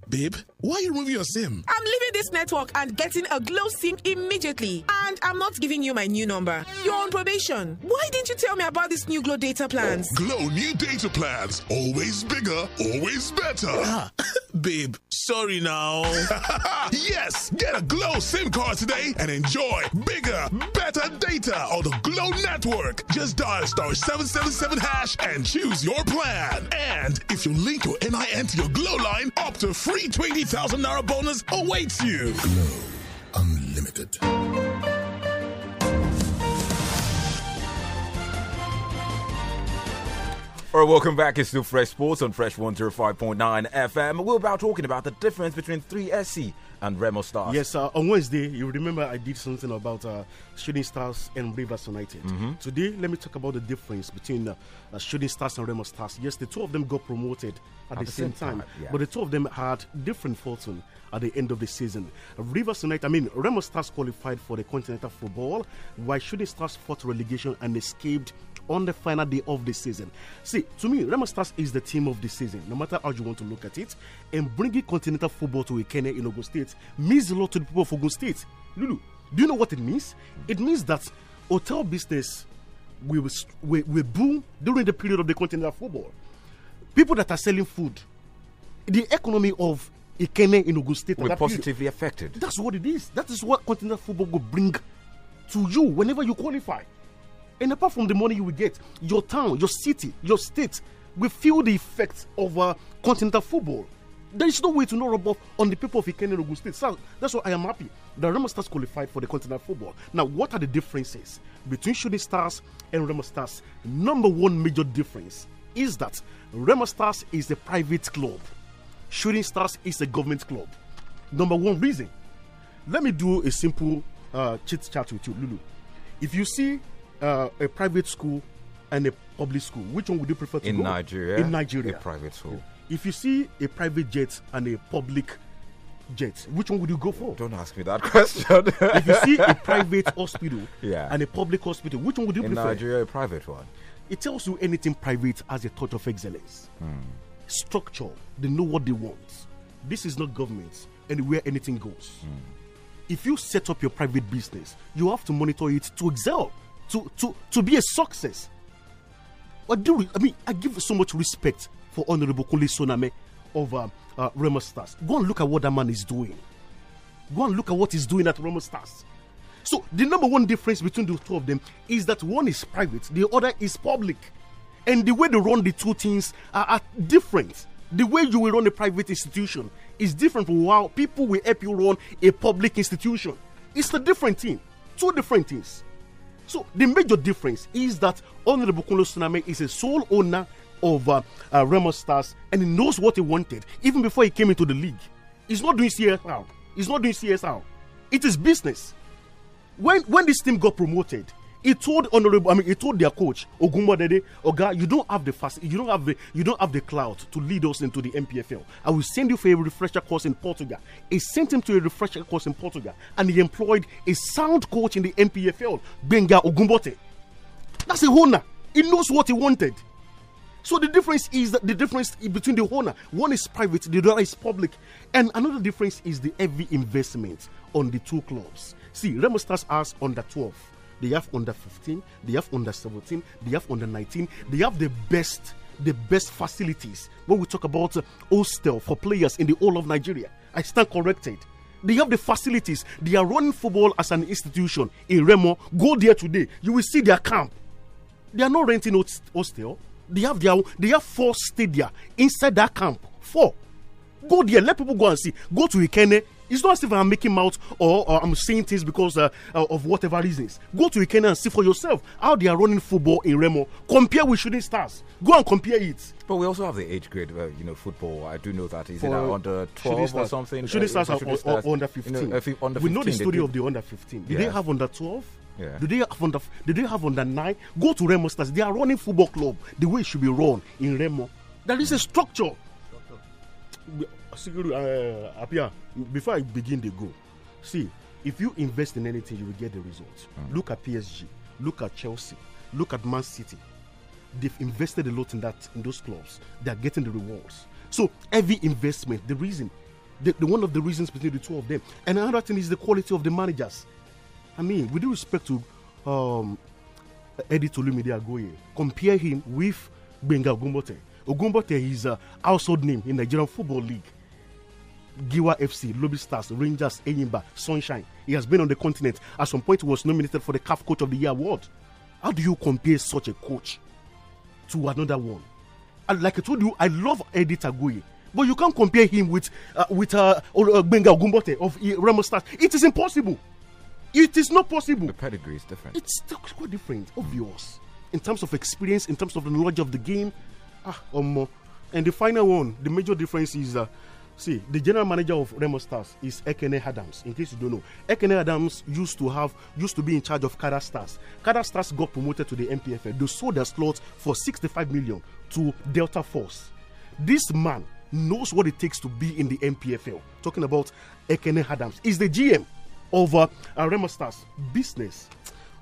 Babe, why are you removing your SIM? I'm leaving this network and getting a Glow SIM immediately. And I'm not giving you my new number. You're on probation. Why didn't you tell me about this new Glow data plans? Glow new data plans. Always bigger, always better. Ah, babe, sorry now. yes, get a Glow SIM card today and enjoy bigger, better data on the Glow network. Just dial star 777 hash and choose your plan. And if you link your NIN to your Glow line, up to free free $20,000 bonus awaits you. Glow Unlimited. All right, welcome back. It's still Fresh Sports on Fresh 105.9 FM. We're about talking about the difference between 3SC and Remo Stars. Yes, uh, on Wednesday, you remember I did something about uh, Shooting Stars and Rivers United. Mm -hmm. Today, let me talk about the difference between uh, uh, Shooting Stars and Remo Stars. Yes, the two of them got promoted at, at the, the, same, same time, time yeah. but the two of them had different fortune at the end of the season. Rivers United, I mean, Remo Stars qualified for the Continental Football, while Shooting Stars fought relegation and escaped on the final day of the season. See, to me, Remo Stars is the team of the season, no matter how you want to look at it. And bringing continental football to a Kenya in Ogun State means a lot to the people of Ogun State. Lulu, do you know what it means? It means that hotel business will, will, will boom during the period of the continental football. People that are selling food, the economy of Ikene in Ogun State will positively period, affected. That's what it is. That is what continental football will bring to you whenever you qualify. And apart from the money you will get, your town, your city, your state will feel the effects of uh, continental football. There is no way to know about on the people of Ikeni and State. So that's why I am happy The Remo Stars qualified for the continental football. Now, what are the differences between Shooting Stars and Remo Stars? Number one major difference is that Remo Stars is a private club, Shooting Stars is a government club. Number one reason. Let me do a simple uh, chit chat with you, Lulu. If you see uh, a private school and a public school, which one would you prefer to in go? Nigeria? In Nigeria, a private school. If you see a private jet and a public jet, which one would you go for? Don't ask me that question. if you see a private hospital yeah. and a public hospital, which one would you in prefer? In Nigeria, a private one. It tells you anything private has a touch of excellence. Hmm. Structure, they know what they want. This is not government, anywhere anything goes. Hmm. If you set up your private business, you have to monitor it to excel to to to be a success. What do I mean? I give so much respect for Honorable Kunle Soname of um, uh, Remo Stars. Go and look at what that man is doing. Go and look at what he's doing at Remo Stars. So the number one difference between the two of them is that one is private, the other is public, and the way they run the two things are, are different. The way you will run a private institution is different from how people will help you run a public institution. It's a different thing, two different things. So the major difference is that Honorable Kunle Suname is a sole owner of uh, uh, Remo Stars and he knows what he wanted even before he came into the league. He's not doing CSR. He's not doing CSR. It is business. When when this team got promoted, he told honorable, I mean, he told their coach Ogumbodede, Oga, you don't have the fast, you don't have the, you don't have the clout to lead us into the MPFL. I will send you for a refresher course in Portugal. He sent him to a refresher course in Portugal, and he employed a sound coach in the MPFL, Benga Ogumbote. That's a honor. He knows what he wanted. So the difference is the difference between the owner. One is private, the other is public. And another difference is the heavy investment on the two clubs. See, Remo Stars has under 12. They have under 15, they have under 17, they have under 19. They have the best, the best facilities. When we talk about uh, hostel for players in the whole of Nigeria, I stand corrected. They have the facilities. They are running football as an institution in Remo. Go there today. You will see their camp. They are not renting hostel. They have their they have four stadia inside that camp. Four. Go there. Let people go and see. Go to Ikene it's not as if I'm making mouth or, or I'm saying things because uh, uh, of whatever reasons. Go to Ikena and see for yourself how they are running football in Remo. Compare with Shooting Stars. Go and compare it. But we also have the age grade, uh, you know, football. I do know that. Is for, it under 12 or something? Shooting uh, Stars are under 15. You know, under 15. We know the story of the under 15. Did yeah. they have under 12? Yeah. Do they have under? Do they have under nine? Go to Remo Stars. They are running football club the way it should be run in Remo. There is a structure. structure. Siguru, uh, Apia, before I begin the go, see, if you invest in anything, you will get the results. Mm. Look at PSG, look at Chelsea, look at Man City. They've invested a lot in that in those clubs. They are getting the rewards. So every investment, the reason, the, the one of the reasons between the two of them, and another thing is the quality of the managers. I mean, with due respect to um, Eddie Tolumide Agoye, compare him with Benga Ogumbote. Ogumbote is a household name in Nigerian Football League. Giwa FC, Lobby Stars, Rangers, Enyimba, Sunshine. He has been on the continent. At some point, he was nominated for the CAF Coach of the Year award. How do you compare such a coach to another one? And like I told you, I love Eddie Tagui, but you can't compare him with uh, with uh, uh Benga Gumbote of uh, Remo Stars. It is impossible. It is not possible. The pedigree is different. It's quite different, obvious. Mm. In terms of experience, in terms of the knowledge of the game, ah, um, and the final one, the major difference is uh, See, the general manager of Remo Stars is Ekene Adams. In case you don't know, Ekene Adams used to have used to be in charge of Kada Stars. Kada Stars got promoted to the MPFL. They sold their slot for 65 million to Delta Force. This man knows what it takes to be in the MPFL. Talking about Ekene Adams, is the GM of uh, uh, Remo Stars business.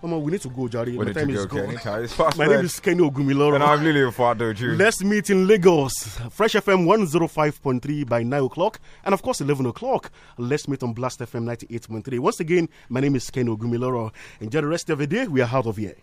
Oh we need to go, Jari. My time is gone. My name is Kenny Ogumiloro. And I'm Lily Fadoju. Let's meet in Lagos. Fresh FM 105.3 by 9 o'clock. And of course, 11 o'clock. Let's meet on Blast FM 98.3. Once again, my name is Kenny Ogumiloro. Enjoy the rest of the day. We are out of here.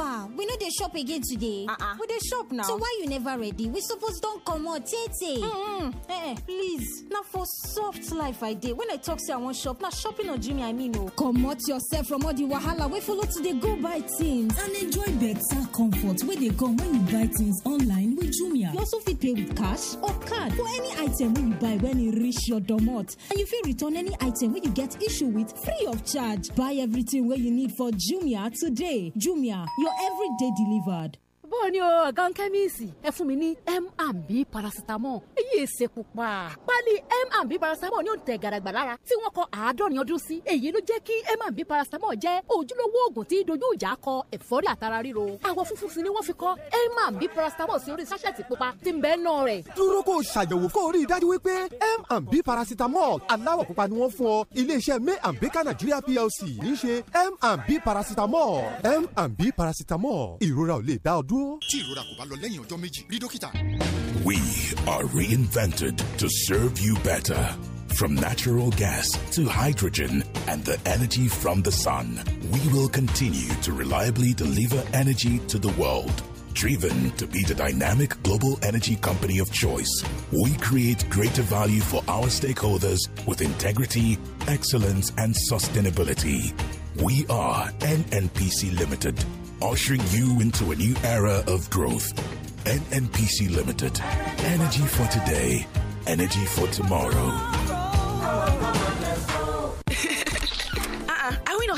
Alpha, we no dey shop again today. Uh-uh. We shop now. So why you never ready? We suppose don't tete. Mm-mm. Eh, please. Not for soft life I When I talk say I want shop, Now shopping on Jimmy I mean oh. Come out yourself from all the wahala We follow today. go buy things. And enjoy better comfort Where they come when you buy things online with Jumia. You also fit pay with cash or card for any item when you buy when you reach your domot. And you feel return any item when you get issue with free of charge. Buy everything where you need for Jumia today. Jumia, know, every day delivered. bó ni o ọ̀gán kẹ́míìsì ẹ fún mi ní m&b paracetamol èyí èsè pupa pálí m&b paracetamol ní òǹtẹ̀ gàràgbà lára tí wọ́n kọ àádọ́rin ọdún sí èyí ló jẹ́ kí m&b paracetamol jẹ́ ojúlówó oògùn tí dojú ìjà kọ ẹ̀fọ́rí àtara ríro àwọ̀ funfun sì ni wọ́n fi kọ m&b paracetamol sí orí sáṣẹ̀tì pupa tí ń bẹ́ẹ̀ náà rẹ̀. dúró kó o ṣàyẹ̀wò kó o rí i dájú wípé m&b paracetamol aláwọ̀ pupa ni wọ́n fún ọ iléeṣẹ́ may and baker nigeria dúró. tí ìrora kò bá lọ lẹ́yìn ọjọ́ méjì rí dókítà. We are reinvented to serve you better. From natural gas to hydrogen and the energy from the sun, we will continue to reliably deliver energy to the world. Driven to be the dynamic global energy company of choice, we create greater value for our stakeholders with integrity, excellence, and sustainability. We are NNPC Limited ushering you into a new era of growth. NNPC Limited. Energy for today, energy for tomorrow.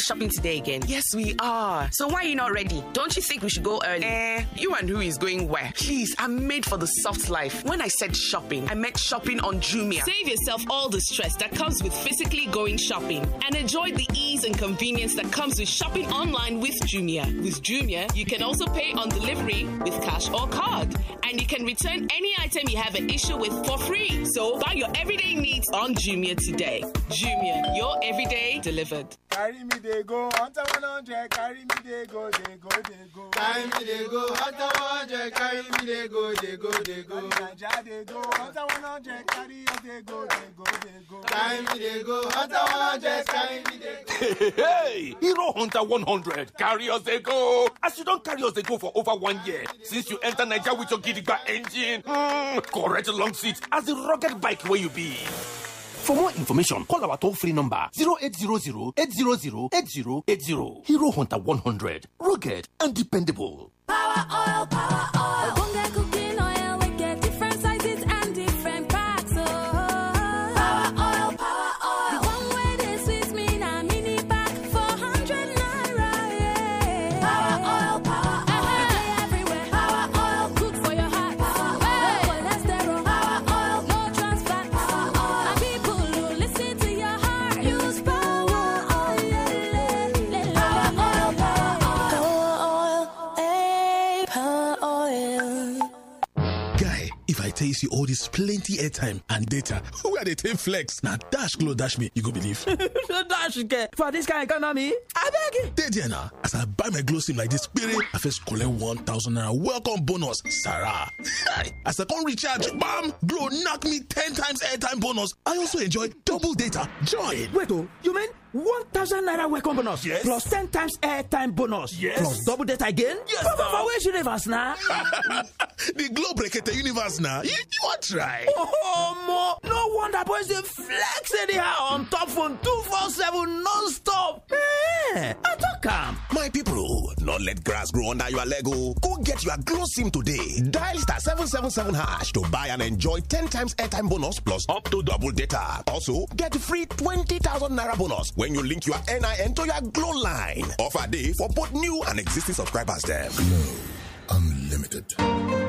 out shopping today again? Yes, we are. So why are you not ready? Don't you think we should go early? Eh, you and who is going where? Please, I'm made for the soft life. When I said shopping, I meant shopping on Jumia. Save yourself all the stress that comes with physically going shopping and enjoy the ease and convenience that comes with shopping online with Jumia. With Jumia, you can also pay on delivery with cash or card. And you can return any item you have an issue with for free. So buy your everyday needs on Jumia today. Jumia, your everyday delivered. Carry me dey go hunter one hundred carry me dey go dey go dey go. carry me dey go hunter one hundred carry me dey go dey go dey go. naija dey go hunter one hundred carry us dey go dey go dey go. carry me dey go hunter one hundred carry me dey go. hey hero hunter 100, carry us dey go. as you don carry us dey go for over one year since you enter naija with your gidigba engine mm, correct long seat as the rugged bike where you be. For more information, call our toll free number 0800 800 8080. Hero Hunter 100. Rugged and dependable. Power oil, power oil. takes you all this plenty airtime and data Where they take flex Now dash glow dash me you go believe. no dash get for this kind economy I abeg. dey there na as i buy my glow sim like this, spirit i first collect one thousand naira welcome bonus sarah as i come recharge bam glow knock me ten times airtime bonus i also enjoy double data join. wait oh, you mean 1000 naira welcome bonus yes plus 10 times airtime bonus yes plus double data again yes papa papa universe now? the globe rekete universe now. you you try oh mo no wonder boys they flex anyhow on top phone 247 non-stop ehn i tok am my people, not let grass grow under your lego. Oh. go get your glow sim today dial star 777 hash to buy and enjoy 10 times airtime bonus plus up to double data also get free 20000 naira bonus when you link your NIN to your Glow line. Offer day for both new and existing subscribers. Them. Glow Unlimited.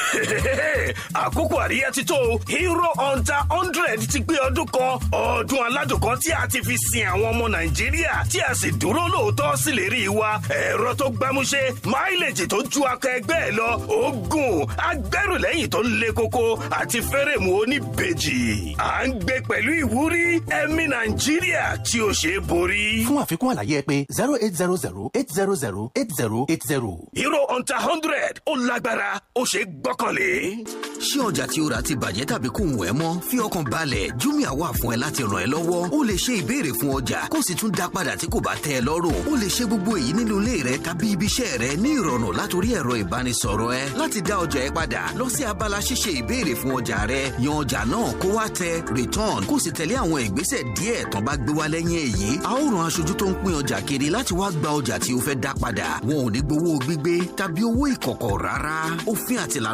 àkókò àríyá ti tó hero hunter hundred ti gbé ọdún kan ọdún aládùn kan tí a ti fi sin àwọn ọmọ nàìjíríà tí a sì dúró lóòótọ́ sí lè rí i wa ẹ̀rọ tó gbámúṣé máìlèjì tó ju akọ ẹgbẹ́ ẹ lọ oògùn agbẹ́rùlẹ́yìn tó le koko àti fẹ́rẹ̀mù oníbejì à ń gbé pẹ̀lú ìwúrí ẹ̀mí nàìjíríà tí ó ṣe é borí. fún àfikún àlàyé ẹ pé zero eight zero zero eight zero zero eight zero eight zero. hero hunter hundred ó lágbára ó ṣe é gbọ́ gbọ́kànlé. ṣé ọjà tí o rà ti bàjẹ́ tàbí kò wọ̀ ẹ́ mọ́ fi ọkàn balẹ̀ jumia wà fún ẹ láti ràn ẹ́ lọ́wọ́ o lè ṣe ìbéèrè fún ọjà kó o sì tún dá padà tí kò bá tẹ́ ẹ lọ́rùn o lè ṣe gbogbo èyí nínú ilé rẹ tàbí ibi rẹ ní ìrọ̀rùn látòrí ẹ̀rọ ìbánisọ̀rọ̀ ẹ láti dá ọjà ẹ padà lọ sí abala ṣíṣe ìbéèrè fún ọjà rẹ yan ọjà náà kó wá tẹ return kó o sì tẹ̀lé àwọn ìgbésẹ̀ díẹ̀ tán bá gbé wá lẹ́yìn èyí a ó rán aṣojú tó ń pín ọjà kiri láti wá gba ọjà tí o fẹ́ dá padà wọn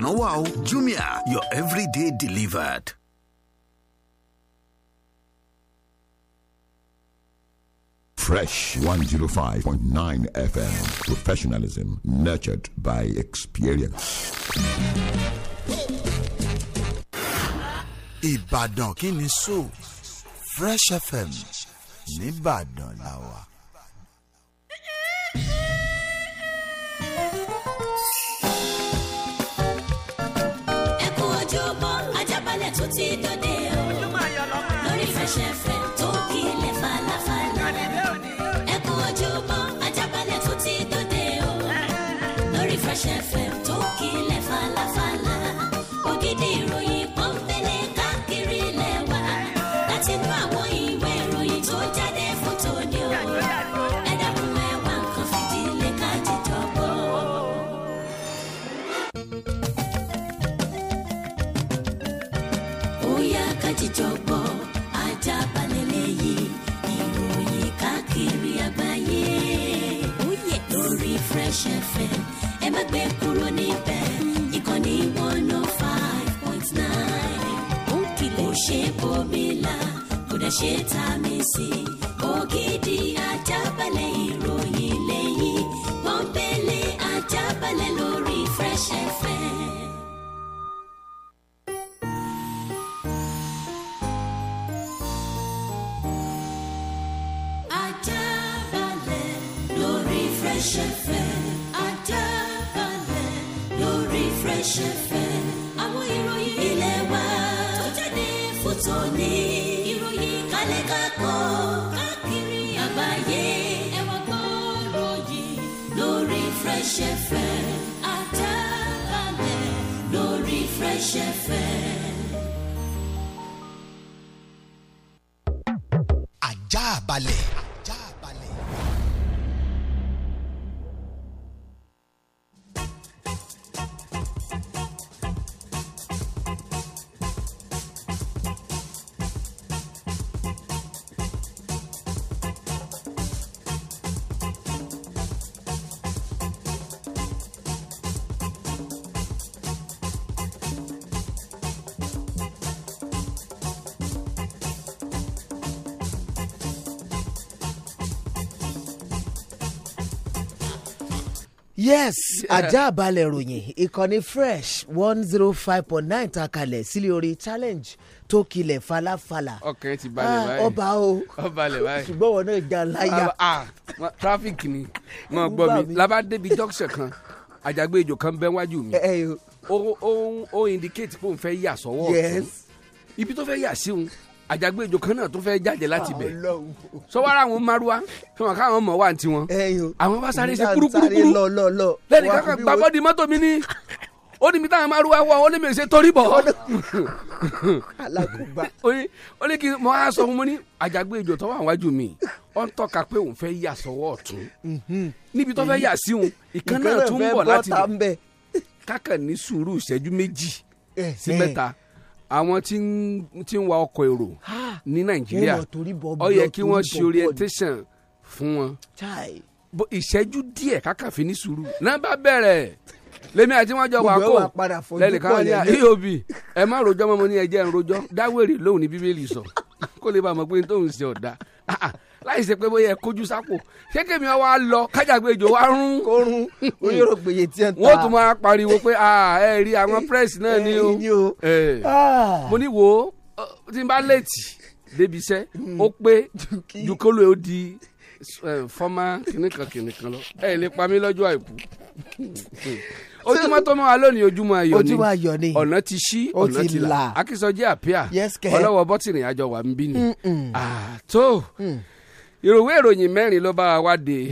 Wow, wow, Jumia, your everyday delivered. Fresh 105.9 FM. Professionalism nurtured by experience. Ìbàdàn kini so Fresh FM nìbàdàn làwà. ti dòde o lórí fẹsẹ̀fẹ̀ tó kílẹ̀ falafala ẹ kú ojúmọ́ Ajaabale tó ti dòde o lórí fẹsẹ̀fẹ̀ tó kílẹ̀ falafala ògidì ìròyìn pọ́npẹ́lẹ́ káàkiri lẹ́wà láti inú àwọn ìyá. ọbẹ̀ ṣe ta mi sí ajá balẹ̀ ròyìn ìkànnì fresh one zero oh five point nine ta kalẹ̀ orí challenge tó kilẹ̀ falafala. ọkàn ti balẹ̀ ah, báyìí ọba o ṣùgbọ́n wọn náà jà láyà. traffic ni mo gbọ́ mi labá débi junction kan àjàgbé ejò kan bẹ́ wájú mi ó ó ó indicate pé òun fẹ́ yà sọ́wọ́ ọ̀tún ibi tó fẹ́ yà sí òun àjàgbéjò kan náà tó fẹ́ jáde láti bẹ̀ sọwọ́rọ́ ah, àwọn maruwa fún wọn káwọn mọ̀ wá ní tiwọn àwọn bá sáré ṣe kúrúkúrú lẹ́nu kankan gbàgbọ́ di mọ́tò mi ní ó ní mi táwọn maruwa wọ ó ní mi ṣe torí bọ̀ ó ní kí mo á sọ fún mi ní àjàgbéjò tó wà wájú mi ó ń tọ́ka pé òun fẹ́ yà sọ́wọ́ ọ̀tún mm-hmm. níbi tó fẹ́ yà sí òun ìkan náà tún ń bọ̀ láti bẹ̀ kákan ní sùúrù ìṣẹ́jú méjì sí mẹ́ta àwọn tí ń tí ń wa ọkọ̀ èrò ní nàìjíríà ó yẹ kí wọ́n ṣe orientation fún wọn ìṣẹ́jú díẹ̀ kákà fi ní sùúrù náà bá bẹ̀rẹ̀ lèmi àti wọn jọ wà kó lẹ́nìkan wọn ní eob ẹ má rojọ́ mọ́ mo ní ẹjẹ́ ń rojọ́ dáwèrè lóhùn ní bíbélì sọ kó lè bá a mọ̀ pé n tóun ṣe ọ̀dà ah, ah láì ṣe pé bóyá ẹ kójú sápò ṣé kèmí wa lọ kájàgbéjò wa rún. kó rún oyún ògbèyè tí ẹ ń ta. wọ́n tún máa pariwo pé ẹ rí àwọn press náà ní o. mo ní wo tí n bá léètì débi iṣẹ́ ó pé jukolo ó di fọ́mà kìnìkan kìnìkan lọ ẹ lè pa mí lọ́jọ́ àìkú ojúmọ́ tó mọ́ wa lónìí ojúmọ́ ayọ̀ ni ojúmọ́ ayọ̀ ni ọ̀nà ti ṣí ọ̀nà ti là akínsọjí àpíà ọlọ́wọ́ bọ́tìrìn àjọ wà ń bí ni àtó. Mm ìròwé ìròyìn mẹ́rin ló bá wa dé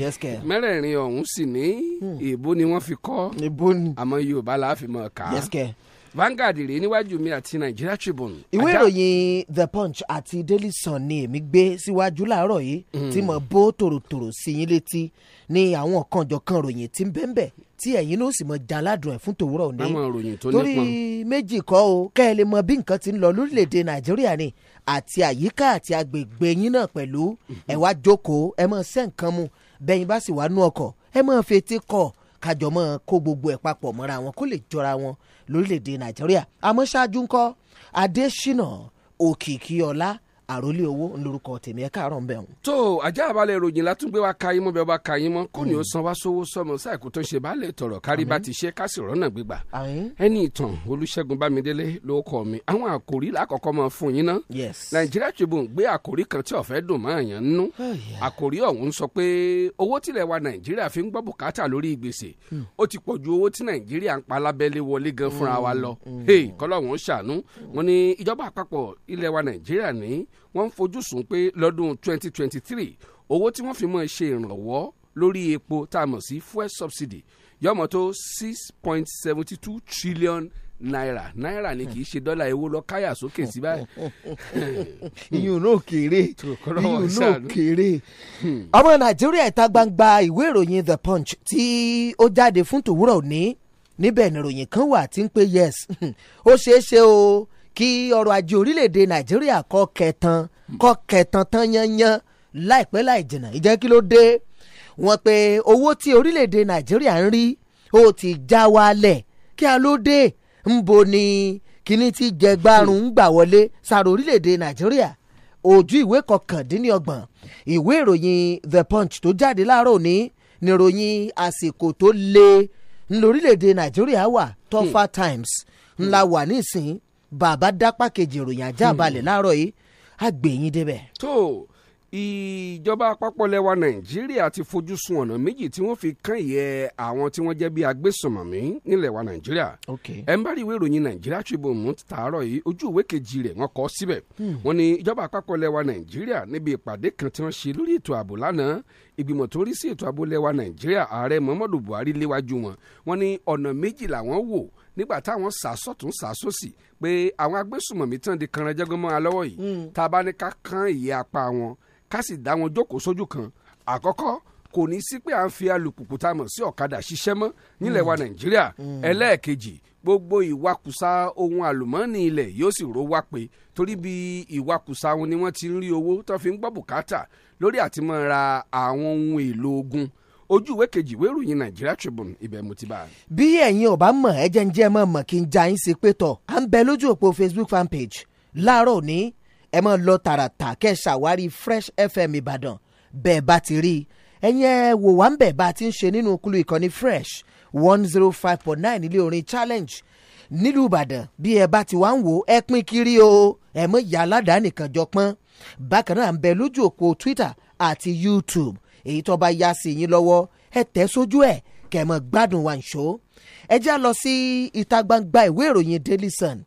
mẹ́rẹ̀ẹ̀rin ọ̀hún sì ní hmm. èbó ni wọ́n fi kọ́ àmọ́ yorùbá la fi mọ̀ ká Vanguard rèé níwájú mi àti Nigeria Tribune. ìwé ìròyìn The Punch àti Daily Sun ni èmi gbé síwájú láàárọ̀ yìí hmm. tí mo bó tòròtòrò sí yín létí ní àwọn kanjọ̀kan ròyìn tí ń bẹ́ńbẹ́ tí ẹ̀yin ló sì mọ jaládùn ẹ̀ fún tòwúrọ̀ òní torí méjì kọ́ o kẹ́ ẹ lè mọ bí nǹkan ti ń lọ lórílẹ̀‐èdè Nàìjíríà ni àti àyíká àti agbègbè yín náà pẹ̀lú ẹ wá jókòó ẹ máa ṣe nǹkan mu bẹ́yìn bá sì wá nú ọkọ̀ ẹ máa fetí kọ̀ kájọ máa kó gbogbo ẹ̀ papọ̀ mọ́ra wọn kó lè jọra wọn lórílẹ̀‐èdè nàìjíríà àmọ́ ṣáájú ńkọ́ adésínà òkìkí ọlá àròlé owó ńlórúkọ tèmi ẹ káàárọ̀ ń bẹ̀ wọn. tó ajá àbálẹ̀ ìròyìn látúngbé wa ka yín mọ́ bẹ́ẹ̀ bá ka yín mọ́ kò ní ó mm. san wá sówó sọmọ sáìkú tó ń ṣe baálé tọrọ kárí bá ti ṣe kásì rọ́nà gbígbà. ẹni ìtàn olùṣègùn bámidélé ló kọ mi àwọn àkòrí lákọ̀ọ́kọ́ máa fún yín ná. nàìjíríà tribune gbé àkòrí kan tí ọ̀fẹ́ dùn mọ́ àyàn nú. Oh, àkòrí ọ̀hún sọ pé owó tilẹ̀ wa nàìjíríà fi ń gbọ́ bùkátà lórí gbèsè hmm. ó ti pọ̀ ju owó tí nàìjíríà ń pa lábẹ́lé wọlé gan fúnra wa hmm. lọ. Hmm. kọ́lọ́ ṣàánú wọn ni ìjọba àpapọ̀ ilẹ̀ wa nàìjíríà ní wọ́n ń fojúsùn pé lọ́dún 2023 owó tí wọ́n fi mọ́ ṣe ìrànwọ́ lórí epo tá a mọ̀ sí fuel subsidy yọmọ tó six trillion naira. Naira ni kì í ṣe dọ́là ewo lọ káyà sókè sí báyìí. iyùn náà kéré iyùn náà kéré. Hmm. ọmọ nàìjíríà ìta gbangba ìwé ìròyìn the punch tí ó jáde fún tòwúrọ̀ òní níbẹ̀ níròyìn kan wà tí ń pè yes ó ṣeé ṣe o kí ọrọ̀ ajé orílẹ̀-èdè nàìjíríà kọ́ kẹtan kọ́ kẹtan tán yanyan láìpẹ́ láì jìnnà ìjẹ́ kí ló dé wọ́n pé owó tí orílẹ̀-èdè nàìjíríà ń rí ó ti já wálẹ̀ kí a ló dé ńbo ni kíní tí jẹgbárùn ń gbà wọlé sára orílẹ̀-èdè nàìjíríà ojú ìwé kọkàndínlọ́gbọ̀n ìwé ìròyìn the punch tó jáde láàárọ̀ òní níròyìn àsìkò tó le ńlórílẹ̀‐èdè nàìjíríà wà tougher hmm. times ńlá wà nísìn bàbá dápá kejì ìròyìn ajá hmm. balẹ̀ láàárọ̀ yìí á gbé yín débẹ̀. tó ìjọba àpapọ̀ lẹwa nàìjíríà ti fojú sun ọ̀nà méjì tí wọ́n fi kàn yẹ àwọn tí wọ́n jẹ́ bí agbésùnmọ̀mí nílẹ̀ wa nàìjíríà. ẹ ń bá rí ìwé ìròyìn nàìjíríà Tribune mú tààrọ̀ yìí ojú ìwé kejì rẹ̀ wọ́n kọ́ síbẹ̀. Hmm. wọ́n ní ìjọba àpapọ̀ lẹwa nàìjíríà níbi ìpàdé kan tí wọ́n ṣe lórí ètò ààbò lánàá ìgbìmọ̀ tó rí sí ètò ààbò lẹwa nàìjíríà ààrẹ Muhammadu Buhari léwájú wọn wọ́n ní ọ̀nà méjì làwọn wò nígbà táwọn sàsọ̀tún sàsọ̀sì pé àwọn agbésùmọ̀mí tán di kanra jẹ́gbọ́n mọ́ra lọ́wọ́ yìí hmm. tá a bá ní ká kán ìyẹ́ apá wọn ká sì dá wọn jókòó sójú kan àkọ́kọ́ kò ní sí pé à ń fi alùpùpù tá a mọ̀ sí ọ̀kadà ṣiṣẹ́ mọ́ nílẹ̀ hmm. wa nàìjíríà hmm. ẹlẹ́ẹ̀kejì gbogbo ìwakùsà ohun àlùmọ́ọ́nì ilẹ̀ yóò sì ro wá pé torí bí ìwakùsà wọn ni wọ́n ti ń rí owó tó fi ń gbọ́ bùkátà lórí àti àwọn ohun èlò ogun ojú ìwé kejì ìwé ìròyìn Nigeria Tribune ibẹ̀ mo ti bá a. bí ẹ̀yin ò mọ̀ ẹ jẹ́ ń jẹ́ mọ̀ mọ̀ kí n ja yín sí pé tọ̀ à ń bẹ lójú òpó Facebook fanpage, page láàárọ̀ òní ẹ máa lọ tààràtà kẹ́ ṣàwárí Fresh FM Ìbàdàn bẹ́ẹ̀ bá ti rí ẹ̀yin ẹ wò wá ń bẹ̀ bá a ti ń ṣe nínú kúlù ìkànnì Fresh one zero five point nine ilé orin challenge nílùú Ìbàdàn bí ẹ bá ti wá ń wò ẹ pín kiri o ẹ mọ̀ ìyá aládàá nìkan jọ pọ́n bákan náà ń bẹ lójú òpó Twitter àti YouTube èyí tó bá yá sí yín lọ́wọ́ ẹ tẹ̀ sójú ẹ̀ kẹ́ ẹ mọ̀ gbádùn wa ṣó ẹ já lọ sí ìta gbangba ìwé ìròyìn Daily Sun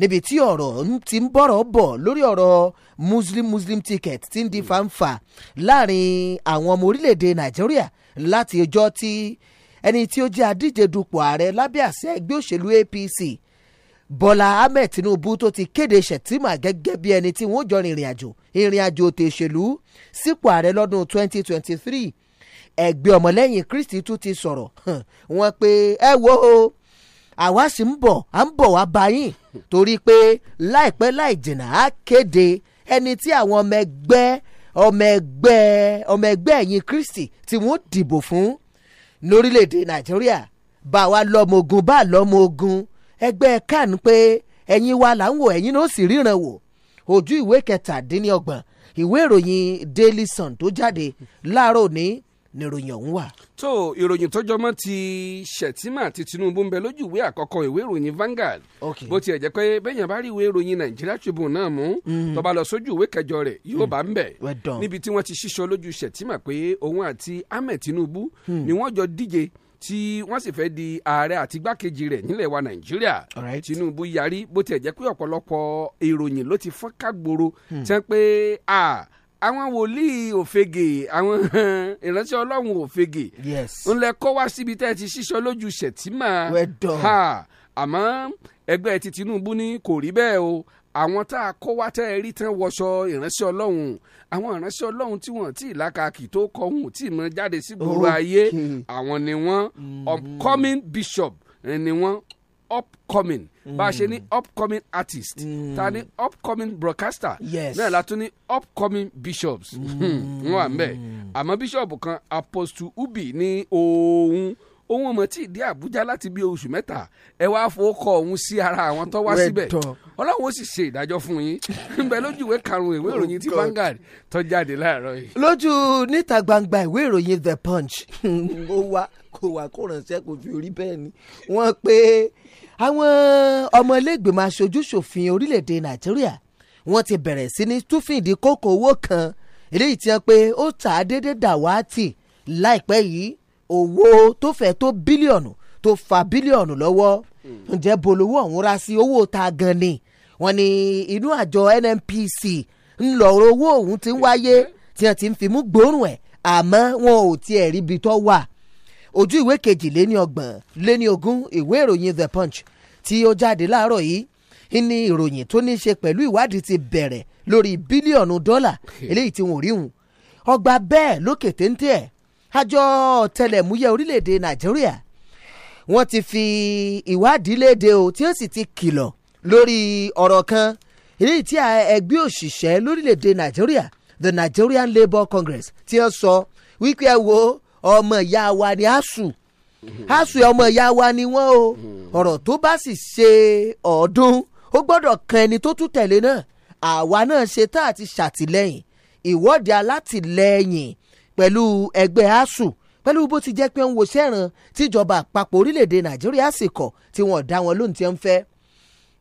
níbi tí ọ̀rọ̀ ti ń bọ̀rọ̀ bọ̀ lórí ọ̀rọ̀ Muslim Muslim ticket ti ń di hmm. fanfa láàrin àwọn ọmọ orílẹ̀-èdè Nàìjíríà láti ọjọ́ tí ẹni tí ó jẹ́ adíje dupò ààrẹ lábẹ́ àṣẹ ẹgbẹ́ òṣèlú APC Bọ́lá Ahmed Tinubu tó ti kéde Shettima gẹ́gẹ́ bí ẹni tí wọ́n jọ rìnrìn àjò ìrìn àjò tèṣèlú sípò ààrẹ lọ́dún 2023 ẹgbẹ́ ọmọlẹ́yìn Kristi tún ti sọ̀rọ̀ wọ́n pé ẹ wo o àwa sì ń bọ̀ à ń bọ̀ wá báyìí torí pé láìpẹ́ láì jìnnà á kéde ẹni tí àwọn ọmọ ẹgbẹ́ ọmọ ẹgbẹ́ ọmọ ẹgbẹ́ ẹ̀yìn Kristi tí wọ́n dìbò fún lórílẹ̀‐èdè Nàìjíríà bá wa lọ́mọ ogun bá lọ́mọ ogun ẹgbẹ́ kan pé ẹ̀yin wa là ń wò ẹ̀yin náà sì ríran wò ojú ìwé kẹtàdínlọ́gbọ̀n ìwé ìròyìn Daily Sun tó jáde láàárọ̀ ní níròyìn ọ̀hún wà. tó ìròyìn tó jọmọ́ ti Shettima àti Tinubu ń bẹ lójú ìwé àkọ́kọ́ ìwé ìròyìn Vanguard bó tiẹ̀ jẹ́ pé bẹ́ẹ̀ yẹn bá rí ìwé ìròyìn Nigeria Tribune náà mú mm. tó bá lọ sójú ìwé kẹjọ rẹ̀ yóò mm. bá ń bẹ̀ níbi tí wọ́n ti ṣíṣọ lójú Shettima pé òun àti Ahmed Tinubu mm. ni wọ́n jọ díje tí wọ́n sì fẹ́ di ààrẹ àti igbákejì rẹ̀ nílẹ̀ wa nàìjíríà tinubu yarí bó tiẹ̀ jẹ́ pé ọ̀pọ̀lọpọ̀ ìròyìn ló ti fọ́n kágboro hmm. tí pé àwọn wòlíì òfegè àwọn ìránṣẹ́ ọlọ́run òfegè ńlẹ̀ kọ́ wá síbi tẹ́ ẹ ti ṣíṣọ lójú ṣètìmá àmọ́ ẹgbẹ́ ti tinubu ní kò rí bẹ́ẹ̀ o àwọn tá a kó wá tẹ́ ẹ rí tán wọṣọ ìránṣẹ́ ọlọ́run àwọn ìránṣẹ́ ọlọ́run tí wọ́n tí ìlàkàkì tó kọ̀hún tí ìmọ̀ jáde sí gbòòrò ayé àwọn ni wọ́n mm-hmm. upcoming bishop ni wọ́n upcoming bá a ṣe ní mm-hmm. upcoming artist mm. ta ni upcoming broadcaster yes. náà la tún ní upcoming bishops wọ́n wà ń bẹ̀ àmọ́ bishop kan apostle ubi ní òun òun ọmọ tí ìdí àbújá láti bí oṣù mẹ́ta ẹ wá fowókọ òun sí ara àwọn tó wá síbẹ̀ ọlọ́run ó sì ṣe ìdájọ́ fún yín ń bẹ lójú ìwé karùn-ún ìwé oh ìròyìn ti Vanguard tó jáde láàárọ̀ yìí. lójú níta gbangba ìwé ìròyìn The Punch ó wá kó wá kó ránṣẹ́ kó fi orí bẹ́ẹ̀ ni wọ́n pé àwọn ọmọlẹ́gbẹ̀mọ aṣojú-ṣòfin orílẹ̀-èdè Nàìjíríà wọ́n ti bẹ̀rẹ̀ sí ní túfìdí kókó owó kan eléyìí ti hàn pé ó tà á déédéé dàwátì láìpẹ́ yìí owó tó fẹ́ tó bílíọ̀nù tó fa bílíọ̀nù lọ́wọ́ hmm. ǹjẹ́ bolówó ọ̀hún ra sí owó ta gan ni wọ́n ní inú àjọ NNPC ńlọrọ̀ owó ọ̀hún ti ń wáyé tí wọ́n ti ń fimú gbóòórùn ẹ̀ àmọ́ wọn ò tiẹ̀ ríbi tó wà ojú ìwé kejì lé ní ọgbọ̀n lé ní ogún ìwé ìròyìn The Punch tí ó jáde láàárọ̀ yìí ní ìròyìn tó ní í ṣe pẹ̀lú ìwádìí ti bẹ̀rẹ̀ lórí bílíọ̀nù dọ́là hmm. eléyìí tí wọn ò rí hùn ọgbà bẹ́ẹ̀ lókè téńté ẹ̀ àjọ ọ̀tẹlẹ̀múyẹ́ orílẹ̀-èdè nàìjíríà wọ́n ti fi ìwádìí léde o tí ó sì ti kìlọ̀ lórí ọ̀rọ̀ kan èyí tí ẹgbẹ́ òṣìṣẹ́ lórílẹ̀-èdè nàìjíríà the Nigerian Labour Congress ti ń sọ wípé ẹ wo ọmọ ìyá wa ni ASUU ASUU ọmọ ìyá wa ni wọ́n o ọ̀rọ̀ tó bá sì ṣe ọ̀ọ́dún ó gbọ́dọ̀ kan ẹni tó tún tẹ̀lé náà àwa náà ṣe tá àti ṣàtìlẹ́yìn ìwọ́de alátìlẹ́yìn pẹ̀lú ẹgbẹ́ Asu. pẹ̀lú bó ti jẹ́ pé ń wo sẹ́ràn tíjọba àpapọ̀ orílẹ̀-èdè nàìjíríà sì kọ̀ tí wọ́n dá wọn lóhùn tí ń fẹ́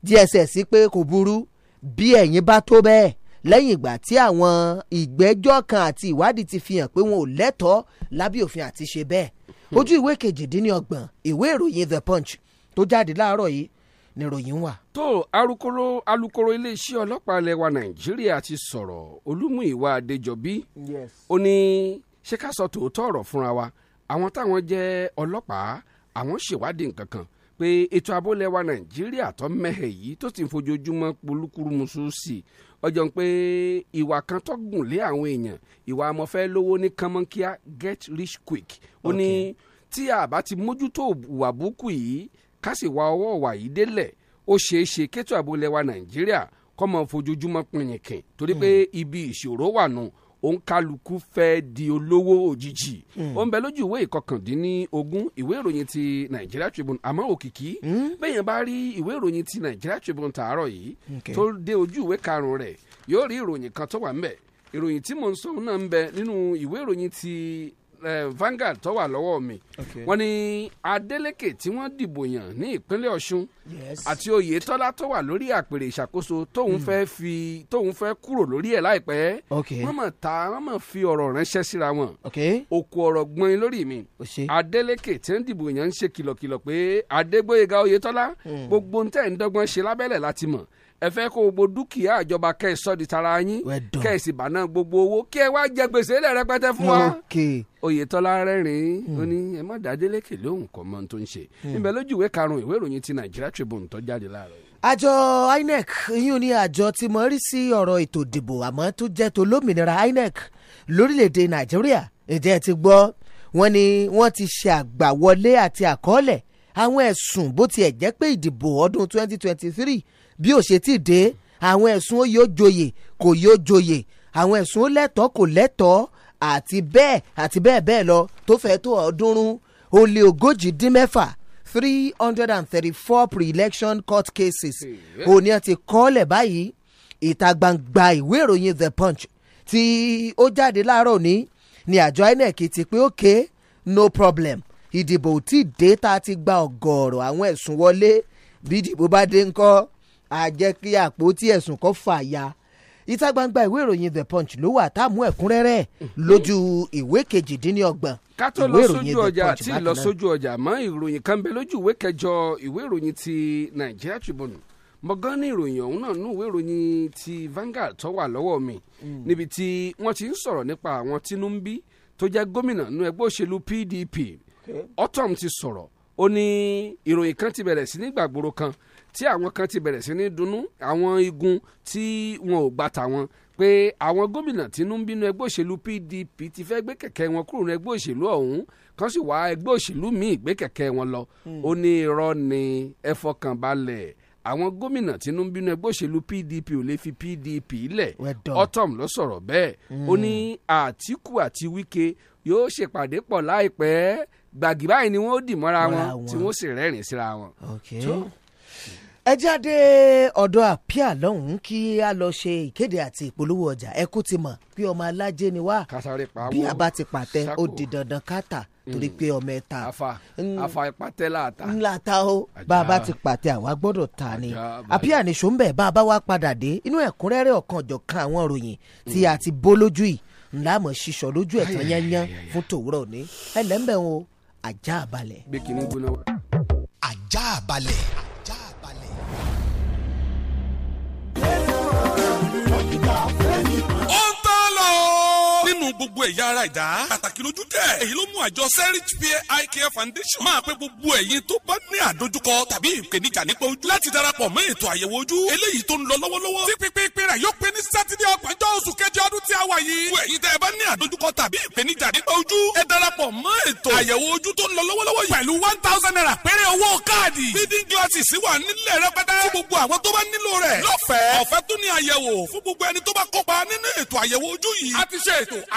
DSS pé kò burú bí ẹ̀yin bá tó bẹ́ẹ̀ lẹ́yìn ìgbà tí àwọn ìgbẹ́jọ́ kan àti ìwádìí ti fi hàn pé wọn ò lẹ́tọ̀ọ́ lábẹ́ òfin àti ṣe bẹ́ẹ̀ hmm. ojú ìwé kejìdínlọ́gbọ̀n ìwé ìròyìn The Punch tó jáde láàárọ̀ yìí ni ìròyìn wà. tó alukoro alukoro iléeṣẹ́ ọlọ́pàá ilẹ̀ wa nàìjíríà ti sọ̀rọ̀ olúmúyìwá adéjọbí ó ní ṣé ká sọ tòótọ́ ọ̀rọ̀ fúnra wa àwọn táwọn jẹ́ ọlọ́pàá àwọn ṣèwádìí nǹkan kan pé ètò abólẹ́wà nàìjíríà tó mẹ́hẹ̀ yìí tó ti ń fojoojúmọ́ polúkúrúmuṣu sí i ọjọ́ pé ìwà kan tó lé àwọn èèyàn ìwà amọ̀fẹ́ lówó ní kánmọ́nkíá get rich quick ó ní tí a bá ti mójútó ìwà búkú yìí ká sì wá ọwọ́ wà yìí délẹ̀ ó ṣeé ṣe kétò abólẹ́wà nàìjíríà kọ́mọ fojoojúmọ́ pinyìnkìn torí hmm. pé ibi ìṣòro wà nù òǹkàlùkù fẹ́ di olówó òjijì hmm. ó ń bẹ lójú ìwé ìkọkàndínlógún ìwé ìròyìn ti Nigeria Tribune àmọ́ òkìkí hmm. bẹ́yẹn bá rí ìwé ìròyìn ti Nigeria Tribune tàárọ̀ yìí tó dé ojú ìwé karùn-ún rẹ̀ yóò rí ìròyìn kan tó wà ńbẹ̀ ìròyìn tí mò ń sọ náà ń bẹ nínú ìwé ìròyìn ti Vanguard tó wà lọ́wọ́ mi wọ́n ní Adeleke tí wọ́n dìbò yàn ní ìpínlẹ̀ Ọ̀ṣun àti Oyetola tó wà lórí àpèrè ìṣàkóso tóun hmm. fẹ́ fi tóun fẹ́ kúrò lórí ẹ̀ láìpẹ́ wọ́n mọ̀ ta wọ́n mọ̀ fi ọ̀rọ̀ ránṣẹ́ síra wọn òkú ọ̀rọ̀ gbọ́n lórí mi Adeleke tí wọ́n dìbò yàn ń ṣe kìlọ̀kìlọ̀ pé Adégbóyèga Oyetola hmm. gbogbo ntẹ̀ ń dọ́gbọ́n ṣe lábẹ́lẹ̀ láti mọ̀ ẹ fẹ́ kó gbogbo dúkìá ìjọba kẹ́ ẹ sọ di tara yín kẹ́ ẹ sì bà náà gbogbo owó kí ẹ wá jẹ gbèsè lẹ̀ rẹpẹtẹ fún wa. Oyètọ́lá rẹ́rìn-ín hmm. ó ní ẹ má dádélékè lóhùn kọ́ mọ́ tó ń ṣe níbẹ̀ hmm. lójú ìwé karùn-ún ìwé ìròyìn ti Nigeria Tribune tó jáde láàárọ̀ àjọ INEC yíyún ní àjọ tí mo rí sí ọ̀rọ̀ ètò ìdìbò àmọ́ tó jẹ́ tó lómìnira INEC lórílẹ̀‐èdè Nàìjíríà ǹjẹ́ ti gbọ́ wọ́n ní wọ́n ti ṣe àgbàwọlé àti àkọọ́lẹ̀ àwọn ẹ̀sùn bó tiẹ̀ jẹ́ pé ìdìbò ọdún 2023 bí ò ṣe ti dé àwọn ẹ̀sùn ó yóò joyè kò yóò joyè àwọn ẹ̀sùn ó lẹ́tọ̀ọ́ kò lẹ́tọ̀ọ́ àti bẹ́ẹ̀ àti bẹ́ẹ̀ bẹ́ẹ̀ lọ tó fẹ́ tó ọ̀ọ́dúnrún ó lé ogójì dín mẹ́fà three hundred and thirty-four pre-election court cases òní ẹ ti kọ́lẹ̀ báyìí ìta gbangba ìwé ìròyìn the punch tí ó jáde láàárọ̀ òní ni àjọ INEC ti pé ókè no problem ìdìbò tí dé tá a ti gba ọ̀gọ̀ọ̀rọ̀ àwọn ẹ̀sùn wọlé bí ìdìbò bá dé ńkọ́ á jẹ́ kí àpótí ẹ̀sùn kan fàya ìta gbangba ìwé ìròyìn the punch ló wà tá a mú ẹ̀kúnrẹ́rẹ́ lójú ìwé kejìdínlọ́gbọ̀n ká tó lọ sójú ọjà tí ì lọ sójú ọjà mọ ìròyìn kan bẹ lójú ìwé kẹjọ ìwé ìròyìn ti Nigeria Tribune mọ̀gán ní ìròyìn ọ̀hún náà nú ìwé ìròyìn ti Vanguard tó wà lọ́wọ́ mi hmm. níbi tí wọ́n ti ń sọ̀rọ̀ nípa àwọn tínú ń bí tó jẹ́ gómìnà nú ẹgbẹ́ òṣèlú PDP Ortom ti sọ̀rọ̀ ó ní ìròyìn kan ti bẹ̀rẹ̀ sí nígbàgbóró kan tí àwọn kan ti bẹ̀rẹ̀ sí ní dunnú àwọn igun tí wọn ò gba tàwọn pé àwọn gómìnà tínú ń bínú ẹgbẹ́ òṣèlú PDP ti fẹ́ gbé kẹ̀kẹ́ wọn kúrò ní ẹgbẹ́ òṣèlú ọ̀hún kan sì wá ẹgbẹ́ òṣèlú míì gbé kẹ̀kẹ́ wọn lọ hmm. ó ní irọ́ ni ẹ fọkàn balẹ̀ àwọn gómìnà tínú ń bínú ẹgbẹ́ òṣèlú PDP ò lè fi PDP lẹ̀ Otom ló sọ̀rọ̀ bẹ́ẹ̀ ó ní hmm. Àtíkù àti Wike yóò ṣèpàdé pọ̀ láìpẹ́ gbàgì báyìí ni wọ́n ó dì mọ́ra wọn tí wọ́n sì rẹ́rìn síra wọn ẹ jáde ọ̀dọ̀ àpíà lọ́hùn-ún kí a lọ ṣe ìkéde àti ìpolówó ọjà ẹ kú ti mọ̀ pé ọmọ alájẹ ni wá bí a bá ti pàtẹ ó di dandan káàtà torí pé ọmọ ẹ ta afa ìpàtẹ làtà làtà o bá a bá ti pàtẹ àwa gbọ́dọ̀ ta ni àpíà ní sọ́nbẹ̀ bá a bá wá padà dé inú ẹ̀kúnrẹ́rẹ́ ọ̀kan ọ̀jọ̀kan àwọn ìròyìn tí a ti bó lójú yìí ńlá mọ̀ ṣiṣọ́ lójú ẹ̀tàn yányán fún tòwúrọ̀ ní ẹlẹ́mbẹ̀ wọn ajá balẹ̀. ajá balẹ̀. ọ̀yìnká ó nínú gbogbo ẹ̀yà ara ìdá. pàtàkì lójú tẹ̀. èyí ló mú àjọ serich peer eye care foundation. máa pé gbogbo ẹ̀yin tó bá ní àdójúkọ tàbí ìpèníjà nípa ojú. láti darapọ̀ mọ́ ètò àyẹ̀wò ojú. eléyìí tó ń lọ lọ́wọ́lọ́wọ́. tí pínpín ìpín rẹ̀ yóò pé ní sátidé ọgbọ̀njọ́ oṣù kẹjọ ọdún tí a wà yìí. gbogbo ẹ̀yin tẹ́ ẹ bá ní one thousand à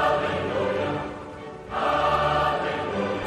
Hallelujah. Alleluia.